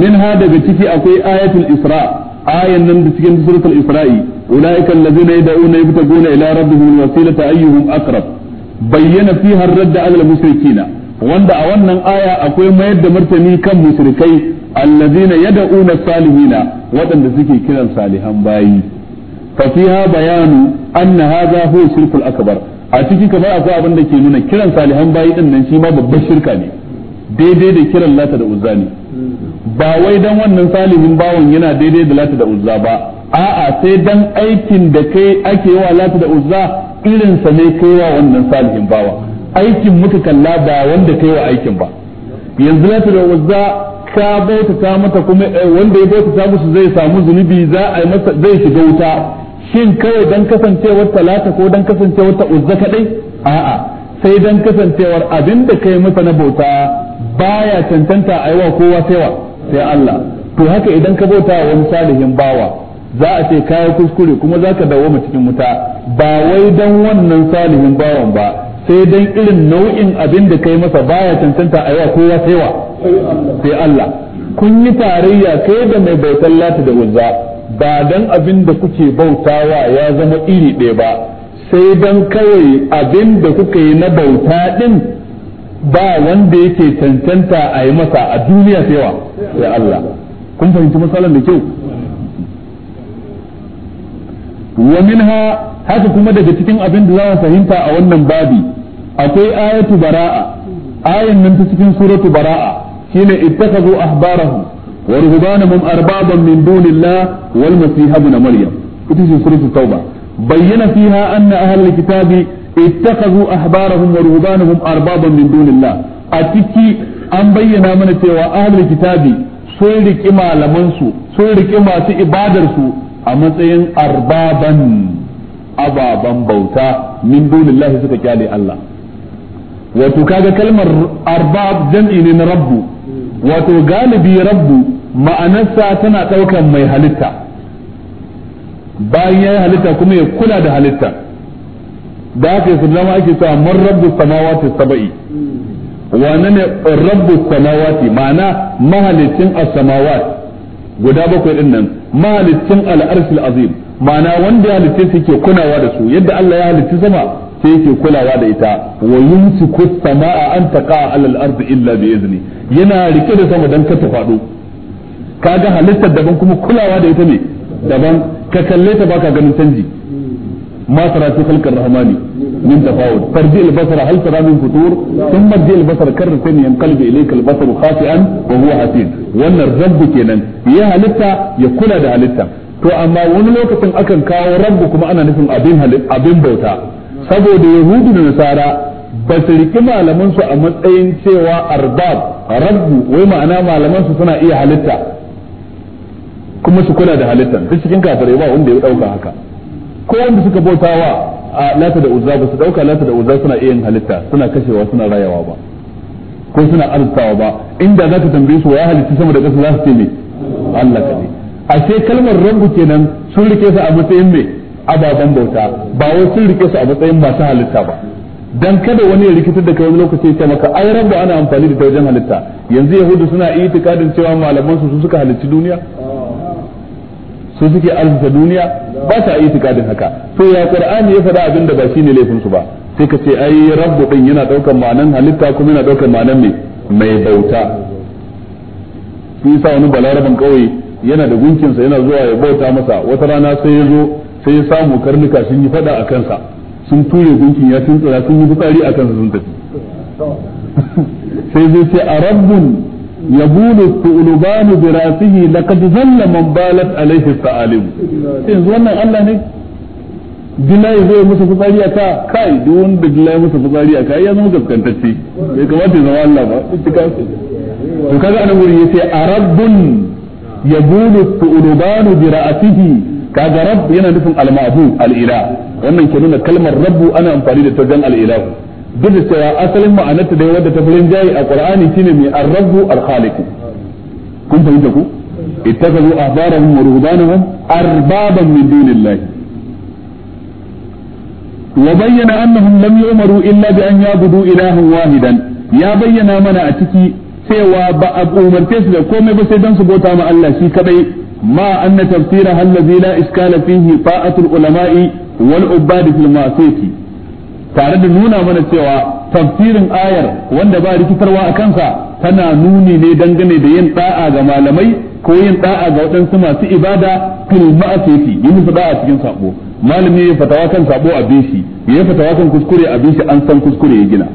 Speaker 3: min ha daga ciki akwai ayatul isra ayan nan da cikin suratul isra'i ulaika allazina yad'una yabtaguna ila rabbihim wasilata ayyuhum aqrab bayyana fi harrar da alal musrikina wanda a wannan aya akwai mayar da martani kan musrikai allazina yad'una salihina waɗanda suke kiran salihan bayi fa fiha bayanu anna hadha huwa shirkul akbar a cikin kamar akwai abin da ke nuna kiran salihan bayi din nan shi ma babbar shirka ne daidai da kiran lata da uzza ba wai dan wannan salihin bawon yana daidai da lata da uzza ba a'a sai dan aikin da kai ake wa lati da uzza irin sa ne kai wa wannan salihin bawa aikin muka kalla ba wanda kai wa aikin ba yanzu lati da uzza ka bauta ta mata kuma eh, wanda ya bauta ta musu zai samu zunubi za a masa zai shiga wuta shin kawai dan kasancewar talata ko dan kasancewar ta uzza kadai a'a sai dan kasancewar abin da kai masa na bauta baya cancanta a yi kowa sai wa sai Allah to haka idan ka bauta wani salihin bawa za a ce kayan kuskure kuma za ka dawo mu cikin wuta ba wai don wannan salihin bawan ba sai don irin nau'in abin da kai masa baya cancanta a yawa kowa saiwa sai Allah kun yi tarayya kai da mai bautar lati da wuzza ba don abin da kuke bautawa ya zama iri ɗaya ba sai don kawai abin da kuka yi na bauta ɗin ba wanda yake cancanta a yi masa a duniya saiwa sai Allah kun fahimci matsalar da kyau wa minha haka kuma daga cikin abin da za mu fahimta a wannan babi akwai ayatu bara'a ayan nan ta cikin suratu bara'a shine ittakhadhu ahbarahum wa ruhbanahum arbaban min dunillah wal masih ibn maryam ita ce suratu tauba bayyana fiha anna ahlul kitabi ittakhadhu ahbarahum wa ruhbanahum arbaban min dunillah a ciki an bayyana mana cewa ahlul sun riki malaman su sun riki masu ibadarsu. a matsayin arbaban ababan bauta min dunillahi suka kyale Allah wato kaga kalmar arbab jam'i ne na rabbu wato galibi rabbu ma'anarsa tana ɗaukar mai halitta bayan ya yi halitta kuma ya kula da halitta da haka yasu zama ake cewa man rabbu samawati saba'i wane ne rabbu samawati ma'ana mahalicin as-samawati guda bakwai din nan mahalicin al'arshil azim ma'ana wanda ya halitta su yake kulawa da su yadda Allah ya halitta sama sai yake kulawa da ita wa yumsiku samaa an taqa alal ardi illa bi izni yana rike da sama dan ka ta fado kaga halittar daban kuma kulawa da ita ne daban ka kalle ta baka ganin canji ما ترى في خلق الرحمن من تفاوت فارجع البصر هل ترى من فتور ثم ارجع البصر كرتين ينقلب اليك البصر خاطئا wannan rabbu kenan ya halitta ya kula da halitta to amma wani lokacin akan kawo rabbu kuma ana nufin abin abin bauta saboda yahudu da nasara ba su riki malaman su a matsayin cewa arbab rabbu wai ma'ana malaman su suna iya halitta kuma su kula da halitta, duk cikin kafirai ba wanda ya dauka haka ko wanda suka bautawa a lata da uzza ba su dauka lata da uzza suna iya yin halitta suna kashewa suna rayawa ba ko suna arzikawa ba inda za ka tambaye su wa ya halitta sama da ƙasa za su ce me Allah a ce kalmar rabbu kenan sun rike su a matsayin me ababen bauta ba wai sun rike su a matsayin masu halitta ba dan kada wani ya rikitar da kai lokaci ya maka ai ba ana amfani da ta wajen halitta yanzu yahudu suna itikadin cewa malaman su suka halicci duniya su suke arzika duniya ba ta itikadin haka to ya qur'ani ya faɗa abin da ba shine laifin su ba sai ka ce ai rabbu din yana daukar ma'anan halitta kuma yana daukar ma'anan mai mai bauta shi sa wani balaraban kauye yana da gunkinsa yana zuwa ya bauta masa wata rana sai ya zo sai ya samu karnuka sun yi fada a kansa sun ture gunkin ya tuntsura sun yi fitsari a kansa sun tafi sai zai ce a rabbun يبول الثعلبان laqad لقد ظل من بالت عليه الثعالب yanzu wannan Allah ne dila ya zai musu fitsari a ka kai duk wanda dila musu fitsari a ka ya zama gaskantacce bai kamata ya zama Allah ba to kaga anan wuri yace arabbun yabulu tu'rubanu bi ra'atihi kaga rabb yana nufin al-ma'bu al ila wannan ke nuna kalmar rabbu ana amfani da ta dan al ila duk da cewa asalin ma'anarta da wadda ta furin jayi a qur'ani shine mai ar-rabbu al-khaliq kun fahimta ku ittakazu ahbarahum wa ruhbanahum arbaban min dunillahi wa bayyana annahum lam yu'maru illa bi ila yabudu ilahan wahidan ya bayyana mana a ciki cewa ba a umarce su da komai ba sai dan su bauta ma Allah shi kadai ma anna tafsira allazi iska iskala fihi ta'atul ulama'i wal ubbad fil ma'siyati tare da nuna mana cewa tafsirin ayar wanda ba rikitarwa a kansa tana nuni ne dangane da yin da'a ga malamai ko yin da'a ga waɗansu masu ibada fil ma'asiyati yin a cikin sabo malami ya fatawa kan sabo a bishi ya fatawa kan kuskure a bishi an san kuskure ya gina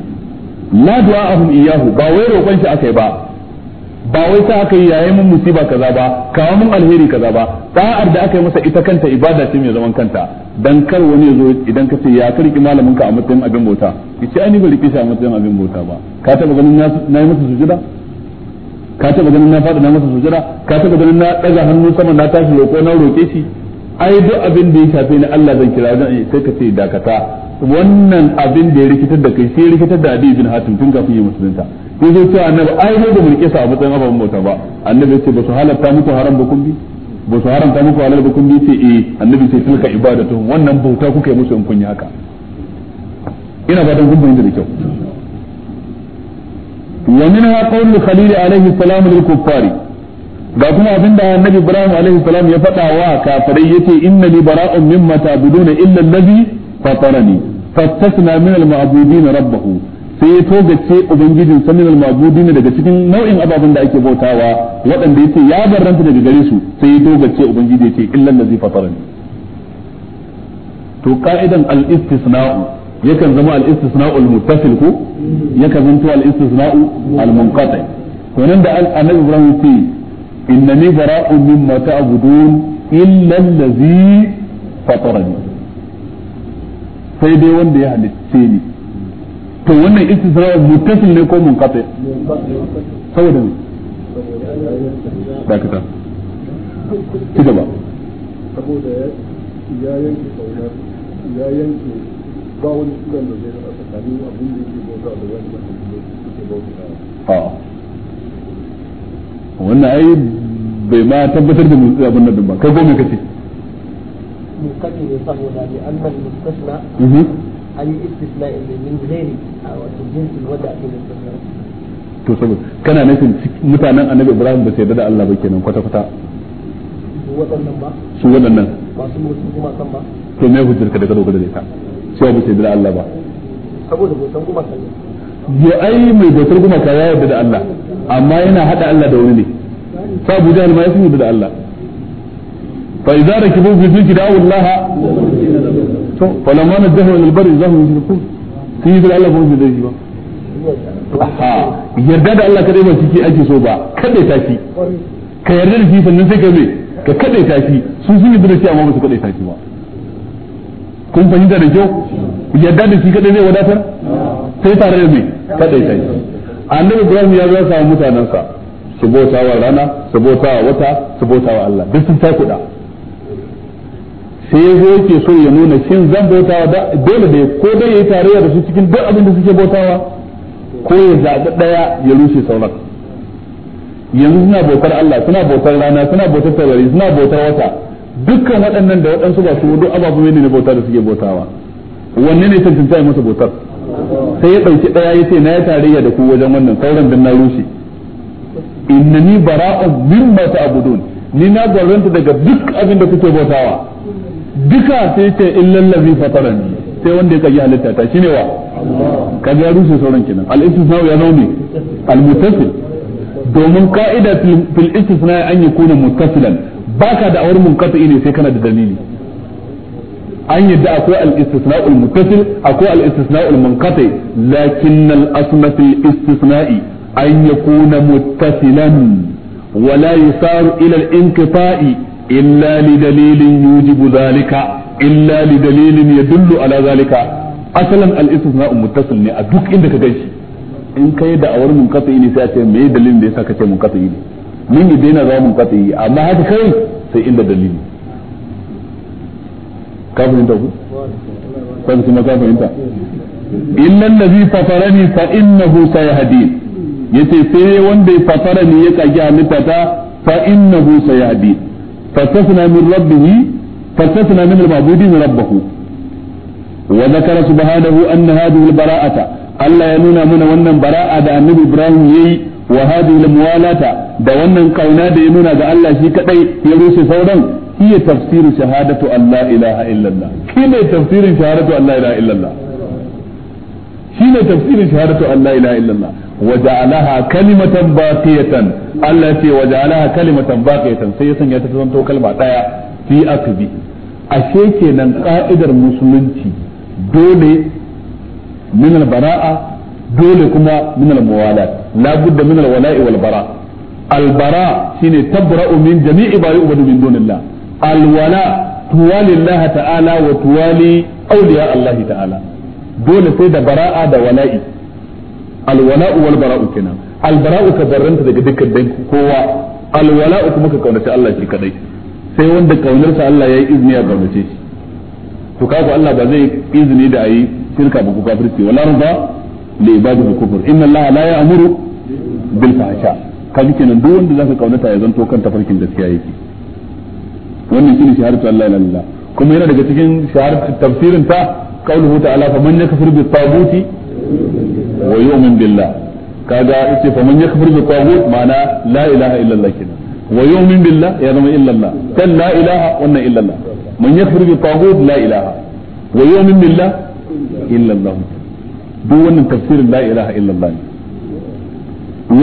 Speaker 3: la du'a'ahum iyyahu ba wai roƙon shi akai ba ba wai sai aka yi yayin mun musiba kaza ba kawo mun alheri kaza ba da'ar da aka yi masa ita kanta ibada ce mai zaman kanta dan kar wani zo idan ka ce ya karki malamin ka a matsayin abin bauta yace ai ni ba rike shi a matsayin abin bauta ba ka taba ganin na yi masa sujuda ka taba ganin na fada na masa sujuda ka taba ganin na daga hannu sama na tashi roƙo na roƙe shi ai duk abin da ya shafe ni Allah zan kira zan sai ka ce dakata wannan abin da ya rikitar da kai sai rikitar da Abi ibn Hatim tun kafin ya musulunta ko zo cewa annabi ai ne da mu rike sa a matsayin abin bauta ba annabi ce ba su halatta muku haram ba kun bi ba su haramta muku halal ba kun bi sai eh annabi sai tilka ibadatu wannan bauta kuka yi musu in kun yi haka ina fatan kun fahimta da kyau ومنها قول خليل عليه السلام للكفار ga kuma abin da annabi ibrahim alaihi salam ya faɗa wa kafirai yace innani bara'un mimma ta'buduna illa allazi fatarani fastasna min al-ma'budin rabbahu sai ya togace ubangijin sanin al-ma'budin daga cikin nau'in ababen da ake bautawa waɗanda yace ya barranta daga gare su sai ya togace ubangiji yace illa allazi fatarani to ka'idan al-istisna'u yakan zama al-istisna'u al-muttasil ko yakan zama al-istisna'u al-munqati to nan da annabi ibrahim yace innani bara'un mimma ta'budun illa allazi fatarani sai dai wanda ya halicce ni to wannan istisra mutasil ne ko munqati saboda me dakata
Speaker 2: ci gaba saboda ya yanke kaunar ya yanke ba wani sunan da zai rasa tsakanin abin da yake bauta
Speaker 3: wannan ai bai ma tabbatar da mutsi abin nan ba kai ko me kace
Speaker 1: mukaddi ne saboda bi annal mustasna an yi istisna min ghairi wato jinsi wanda ake mustasna
Speaker 3: to saboda kana nufin mutanen annabi Ibrahim ba sai da Allah ba kenan kwata kwata
Speaker 1: su waɗannan ba
Speaker 2: su waɗannan ba su mutum kuma san ba
Speaker 3: to me hujjar ka daga dogara da ta. cewa ba sai da Allah ba
Speaker 2: saboda kuma kan
Speaker 3: ya ai mai bautar gumaka ya yarda da Allah amma yana hada Allah da wani ne fa Abu Jahl ma ya fi da Allah fa idza rakibu fi dhikri Allah to al zahu da Allah ba zai ba yarda da Allah kadai ba ake so ba kada ta shi ka yarda da shi sannan sai ka me ka kada ta shi sun yarda da shi amma ba su kada ta shi ba kun fahimta da kyau yarda da shi kadai zai wadatar sai tare da me kada ta shi annabi Ibrahim ya zo samu mutanensa su bauta wa rana su bauta wa wata su bauta wa Allah duk sun da sai yazo yake so ya nuna shin zan bauta wa dole ne ko dai yayi tarayya da su cikin duk abin da suke bautawa ko ya zaɓi daya ya rushe sauran yanzu suna bautar Allah suna bautar rana suna bautar taurari suna bautar wata dukkan waɗannan da waɗansu ba su wudu ababu ne na bauta da suke bautawa wanne ne tantance masa bautar sai ya ɗauki ɗaya ya ce na ya tarayya da ku wajen wannan sauran dan na rushe ni bara'u ma ta'budun ni na garanta daga duk abin da kuke bautawa duka sai ce illal ladhi fatarani sai wanda ya kaji halitta ta shine wa ka ya rushe sauran kenan al istisna ya zaune al mutasil domin ka'ida fil istisna an yakuna mutasilan baka da awar munkatu ne sai kana da dalili an yadda akwai al-istisna'ul muttasil akwai al-istisna'ul munqati lakin al-asma fil istisna'i an yakuna muttasilan wa la yusaru ila al-inqita'i illa li dalilin yujibu dhalika illa li dalilin yadullu ala dhalika asalan al-istisna'ul muttasil ne a duk inda ka gaishe in kai da awar munqati ne sai a ce me dalilin da yasa ka ce munqati ne mun yi daina za munqati amma haka kai sai inda dalili kafin fahimta ku ka kuma ka fahimta illa allazi fatarani fa innahu sayahdi yace sai wanda ya fatarani ya kage halitta ta fa innahu sayahdi fatasna min rabbihi fatasna min al-ma'budin rabbahu wa dhakara subhanahu anna hadhihi al-bara'ata Allah ya nuna mana wannan bara'a da annabi Ibrahim yayi wa hadhihi al-muwalata da wannan kauna da ya nuna ga Allah shi kadai ya rushe sauran هي تفسير شهادة أن لا إله إلا الله هنا تفسير شهادة أن لا إله إلا الله هنا تفسير شهادة أن لا إله إلا الله وجعلها كلمة باقية التي وجعلها كلمة باقية سيسن يتسنتو كلمة تايا في أكبه ashe kenan ka'idar musulunci dole min al-bara'a dole kuma min al-muwalat la budda min al-wala'i wal bara al-bara shine tabra'u min jami'i ma yu'badu min dunillah alwala tuwali Allah ta'ala wa tuwali auliya Allah ta'ala dole sai da bara'a da wala'i alwala'u wal bara'u kenan albara'u ka barranta daga dukkan danki kowa alwala'u kuma ka kaunaci Allah shi kadai sai wanda kaunarsa Allah yayi izini ya kaunace shi to kaga Allah ba zai izini da ayi shirka ba ku kafirci wala rida li ibadihi kufur inna Allah la ya'muru bil fahsha kaji kenan duk wanda zaka kaunata ya zanto kanta farkin gaskiya yake wannan shine shahadatu Allah la ilaha kuma yana daga cikin shahadatu tafsirin ta qauluhu ta'ala faman yakfur bi taguti wa yu'min billah kaga yace faman yakfur bi tagut ma'ana la ilaha illallah Allah kenan wa yu'min billah ya zama illallah Allah kan la ilaha wannan illa Allah man yakfur bi tagut la ilaha wa yu'min billah illa Allah duk wannan tafsirin la ilaha illa Allah ne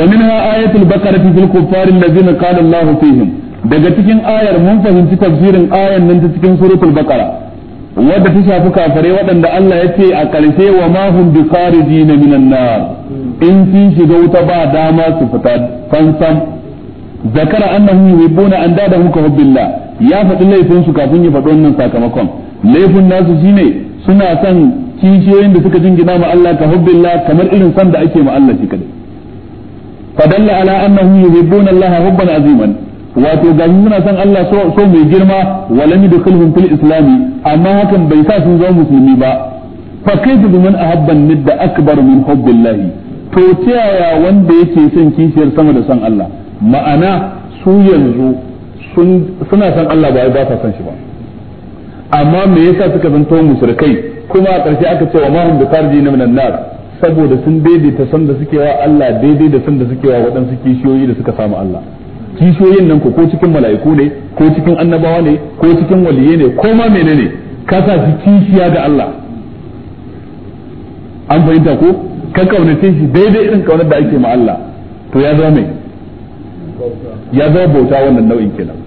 Speaker 3: ومنها آية البقرة في الكفار الذين قال الله فيهم daga cikin ayar mun fahimci tafsirin ayar nan ta cikin suratul baqara wadda ta shafi kafare waɗanda Allah ya ce a ƙarshe wa ma hum bi kharijina minan nar in sun shiga wuta ba dama su fita fansam zakara annahum yuhibbuna an dadahu ka hubbillah ya faɗi laifin su kafin ya faɗi wannan sakamakon laifin nasu shine suna son kishiyoyin da suka jingina ma Allah ka hubbillah kamar irin son da ake ma Allah shi kadai fadalla ala annahum yuhibbuna Allah hubban aziman wato ga muna san Allah so mai girma walam yudkhilhum fil islam amma hakan bai sa sun zama musulmi ba fa kaifa biman ahabba nidda akbar min hubbillahi to ta yaya wanda yake son kishiyar sama da san Allah ma'ana su yanzu suna san Allah ba ba sa san shi ba amma me yasa suka zanto musulkai kuma a ƙarshe aka ce wa mahum bi kharji na minan nar saboda sun daidaita san da suke wa Allah daidai da san da suke wa waɗansu kishiyoyi da suka samu Allah kishoyin nan ko cikin mala'iku ne ko cikin annabawa ne ko cikin waliye ne ko ma menene ka sa shi kishiya ga Allah an fahimta ko ka kaunace shi daidai irin kaunar da ake ma Allah to ya zama mai ya zama bauta wannan nau'in kenan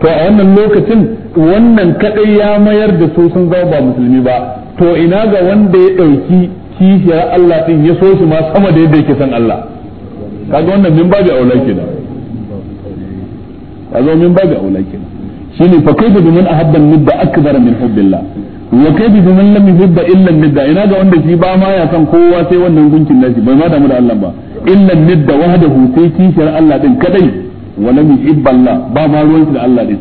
Speaker 3: to a wannan lokacin wannan kadai ya mayar da so sun zama ba musulmi ba to ina ga wanda ya dauki kishiyar Allah din ya so shi ma sama da yadda yake san Allah kaga wannan min babu aula kenan kaga min ba babu aula shi ne fa kai kaifa biman ahabban nidda akbar min hubbillah wa kai bi min lam yuhibba illa midda ina ga wanda shi ba ma ya san kowa sai wannan gunkin nashi bai ma damu da Allah ba illa midda wahdahu sai kishar Allah din kadai wa lam yuhibba Allah ba ma ruwan shi da Allah din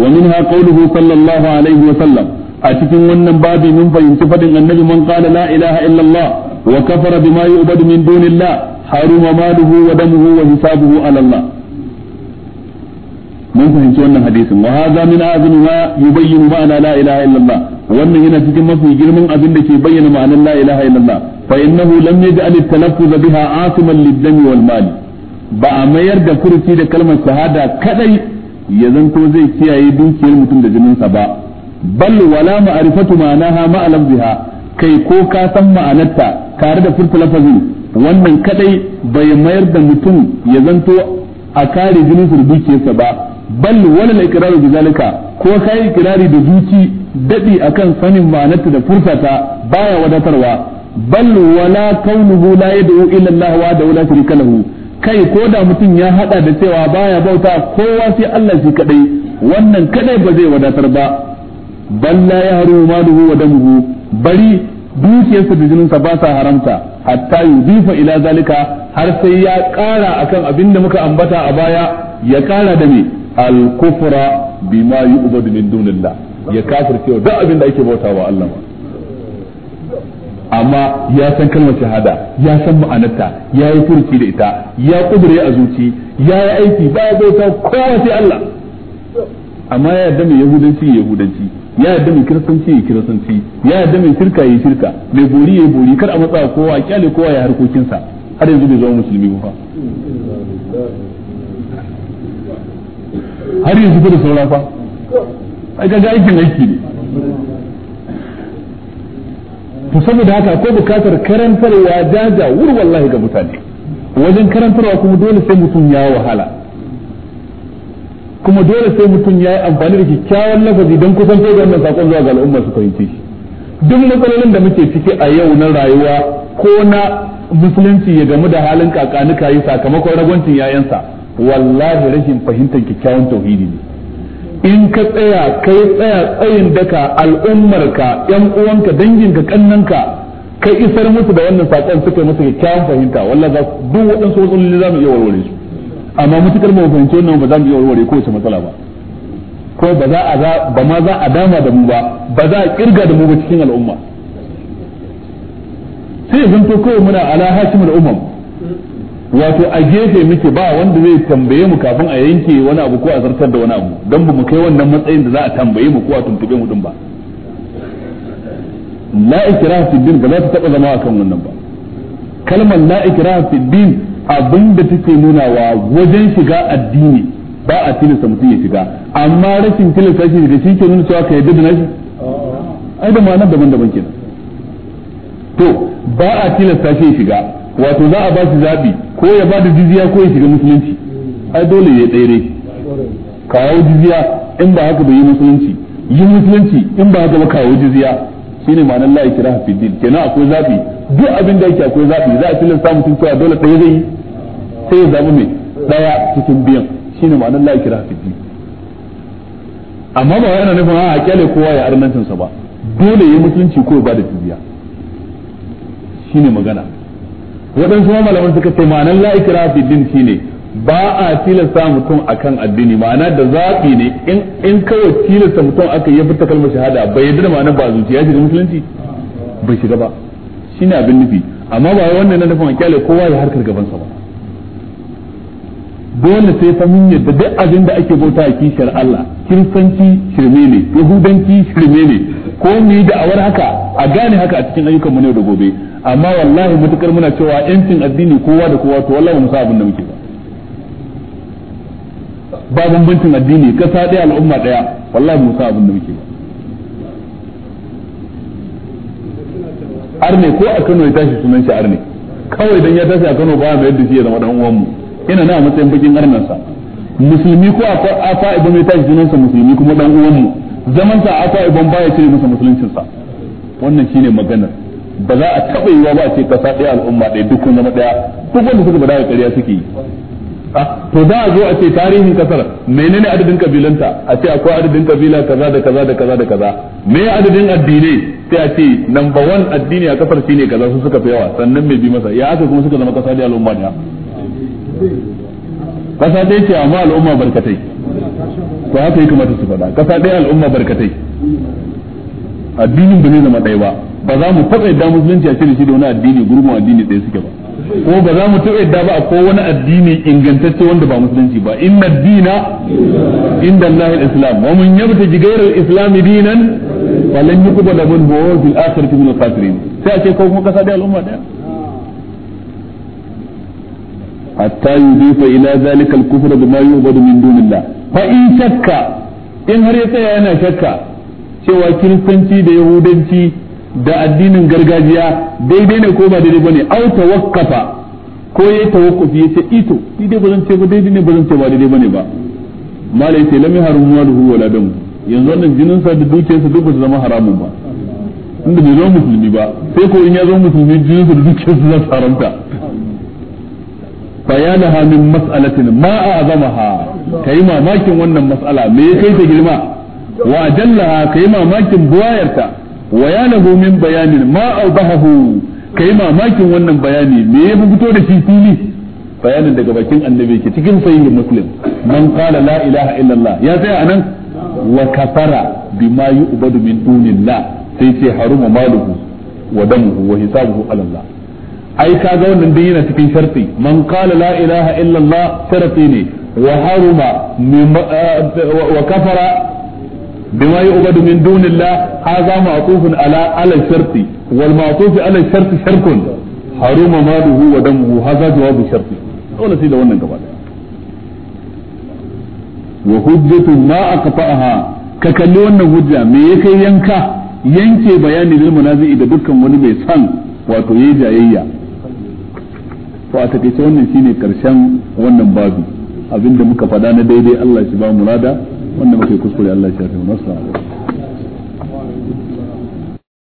Speaker 3: wa minha qawluhu sallallahu alaihi wa sallam a cikin wannan babi mun fahimci fadin annabi man qala la ilaha illa Allah wa kafara bima yu'badu min dunillah haruma mamaluhu wa damuhu wa hisabuhu ala Allah mun fahimci wannan hadisin wa hadha min azmiha yubayyinu ma'ana la ilaha illa wannan yana cikin mafi girman abin da ke bayyana ma'anar la ilaha illa Allah fa innahu lam yaj'al at-talaffuz biha ba a mayar da furuci da kalmar shahada kadai ya zanto zai kiyaye dukiyar mutum da jininsa ba bal wala ma'rifatu ma'anaha ma'alam biha kai ko ka san ma'anarta tare da furta lafazin wannan kadai bai mayar da mutum ya zanto a kare jinin dukiyarsa ba bal wala ikraru bi zalika ko kayi ikrari da zuci dadi akan sanin ma'anarta da furtata baya wadatarwa bal wala kaunuhu la yad'u illa Allah wa da wala shirka lahu kai ko da mutum ya hada da cewa baya bauta kowa sai Allah shi kadai wannan kadai ba zai wadatar ba bal la yahru maluhu wa damuhu bari dukiyarsa da jininsa ba sa haramta hatta yudifa ila zalika har sai ya kara akan abin da muka ambata a baya ya kara da me al-kufra bima yu'budu min dunillah ya cewa duk abin da ake bautawa Allah amma ya san kalmar shahada ya san ma'anarta ya yi furci da ita ya kudure a zuci ya yi aiki ba ya bauta kowa sai Allah amma ya yarda mai yahudanci yahudanci ya yarda mai kiristanci ya kiristanci ya yarda mai shirka ya shirka mai bori ya bori kar a matsa kowa a kyale kowa ya harkokinsa har yanzu bai zama musulmi ba
Speaker 2: har yanzu ba da saura fa
Speaker 3: ai ga aikin aiki ne to saboda haka akwai bukatar karantarwa jaja wur wallahi ga mutane wajen karantarwa kuma dole sai mutum ya wahala kuma dole sai mutum ya yi amfani da kyakkyawan lafazi don kusantar da wannan sakon zuwa ga al'umma su fahimci shi duk matsalolin da muke ciki a yau na rayuwa ko na musulunci ya gamu da halin kakanuka yi sakamakon ragwancin yayansa wallahi rashin fahimtar kyakkyawan tauhidi ne in ka tsaya kai tsaya tsayin daka al'ummarka yan uwanka danginka kannanka kai isar musu da wannan sakon suka musu kyakkyawan fahimta wallahi za duk waɗansu wasu za mu iya warware su amma mutukar mu fahimci wannan ba za mu yi warware kowace matsala ba ko ba za a ba ma za a dama da mu ba ba za a kirga da mu ba cikin al'umma sai ya zanto kawai muna ala hashimul umam wato a gefe muke ba wanda zai tambaye mu kafin a yanke wani abu ko a zartar da wani abu don ba mu kai wannan matsayin da za a tambaye mu ko a tuntube mu din ba la ikraha fi din ba za ta taba zama akan wannan ba kalmar la ikraha fi din abinda take nunawa wajen shiga addini ba a tilasta mutum ya shiga amma rashin tilasta shi daga shi ke nuna cewa ka yadda da nashi ai da ma'anar daban-daban kenan to ba a tilasta shi ya shiga wato za a ba shi zabi ko ya ba da jizya ko ya shiga musulunci ai dole ya tsere kawo jizya in ba haka bai yi musulunci yi musulunci in ba haka ba kawo jizya shine ma'anar la ikraha fi din kenan akwai zafi duk abin da yake akwai zafi za a tilasta mutum cewa dole sai zai yi sai ya zama mai daya cikin biyan shine ma'anar la ikraha fi din amma ba wai ana nufin a kyale kowa ya arnancin sa ba dole yayi musulunci ko ba da fidiya shine magana waɗansu malaman suka ce ma'anar la ikraha fi din shine ba a tilasta mutum akan addini ma'ana da zaɓi ne in kawai tilasta mutum aka yi fita kalmar shahada bai yadda ma'ana ba zuciya shiga musulunci bai shiga ba ne abin nufi amma ba wannan na nufin kyale kowa ya harkar gabansa ba dole sai fa yadda duk abin da ake bauta a kishiyar Allah kiristanci shirme ne yahudanci shirme ne ko mu yi da'awar haka a gane haka a cikin ayyukan mu ne da gobe amma wallahi mutukar muna cewa yancin addini kowa da kowa to wallahi mu sa abin da muke ba ba bambancin addini kasa ɗaya al'umma ɗaya wallahi musa abin da muke arne ko a Kano ya tashi sunan shi arne kawai dan ya tashi a Kano ba mai yadda shi ya zama dan uwanmu ina na matsayin bakin arnan sa musulmi ko a fa ibn ya tashi sunan sa musulmi kuma dan uwanmu zaman sa afa ba baya cire masa musuluncin sa wannan shine maganar ba za a taɓa yiwa ba a ce kasa ɗaya al'umma ɗaya duk kun zama ɗaya duk wanda suka bada ƙarya suke yi to da a zo a ce tarihin kasar menene adadin kabilanta a ce akwai adadin kabila kaza da kaza da kaza da kaza me adadin addinai sai a ce number one addini a kasar shine kaza su suka fi yawa sannan mai bi masa ya aka kuma suka zama kasa da al'umma ne kasa dai ce amma al'umma barkatai to haka yi kamata su faɗa kasa dai al'umma barkatai addinin ba zai zama ɗaya ba ba za mu taɓa yadda musulunci a ce shi da wani addini gurgun addini ɗaya suke ba ko ba za mu taɓa yadda ba ko wani addini ingantacce wanda ba musulunci ba inna dina inda Allah al-islam wa mun yabta jigayar al-islam dinan lan yuqbal min huwa fil akhirati min al-khasirin sai a ce ko kuma kasa da al'umma daya hatta yudifa ila zalika al-kufr bima yu'badu min dunillah fa in shakka in har ya tsaya yana shakka cewa kiristanci da yahudanci da addinin gargajiya daidai ne ko ba daidai bane au tawakkafa ko yayi tawakkufi yace ito ni dai zan ce ba daidai ne ba zan ce ba daidai bane ba malai yace lam yahrumu waluhu wala damu yanzu wannan jinin sa da dukiyar sa duk ba su zama haramun ba inda bai zama musulmi ba sai ko in ya zama musulmi jinin sa da dukiyar sa za su haramta ha min mas'alatin ma a'zamaha kai mamakin wannan mas'ala me kai ta girma wa jallaha kai mamakin buwayarta wa ya min bayanin ma awdahu kai mamakin wannan bayani me ya fito da shi fili bayanin daga bakin annabi ke cikin sahihin muslim man qala la illallah ya tsaya anan wa kafara bima yu'badu min dunillah sai ce haruma maluhu wa damuhu wa hisabuhu ala Allah ai kaga wannan dai yana cikin sharti man qala la ilaha illallah sharti ne wa haruma eh, wa kafara بما يعبد من دون الله هذا معطوف على على الشرط والمعطوف على الشرط شرك حرم ماله ودمه هذا جواب الشرط ولا سيدا wannan gaba wa hujjatu ma aqta'aha ka kalli wannan hujja me kai yanka yanke bayani lil munazi'i da dukkan wani mai san wato yayi jayayya to a wannan shine karshen wannan babu da muka faɗa na daidai Allah shi
Speaker 2: ba murada wanda muke kuskure Allah ya shafe mu nasara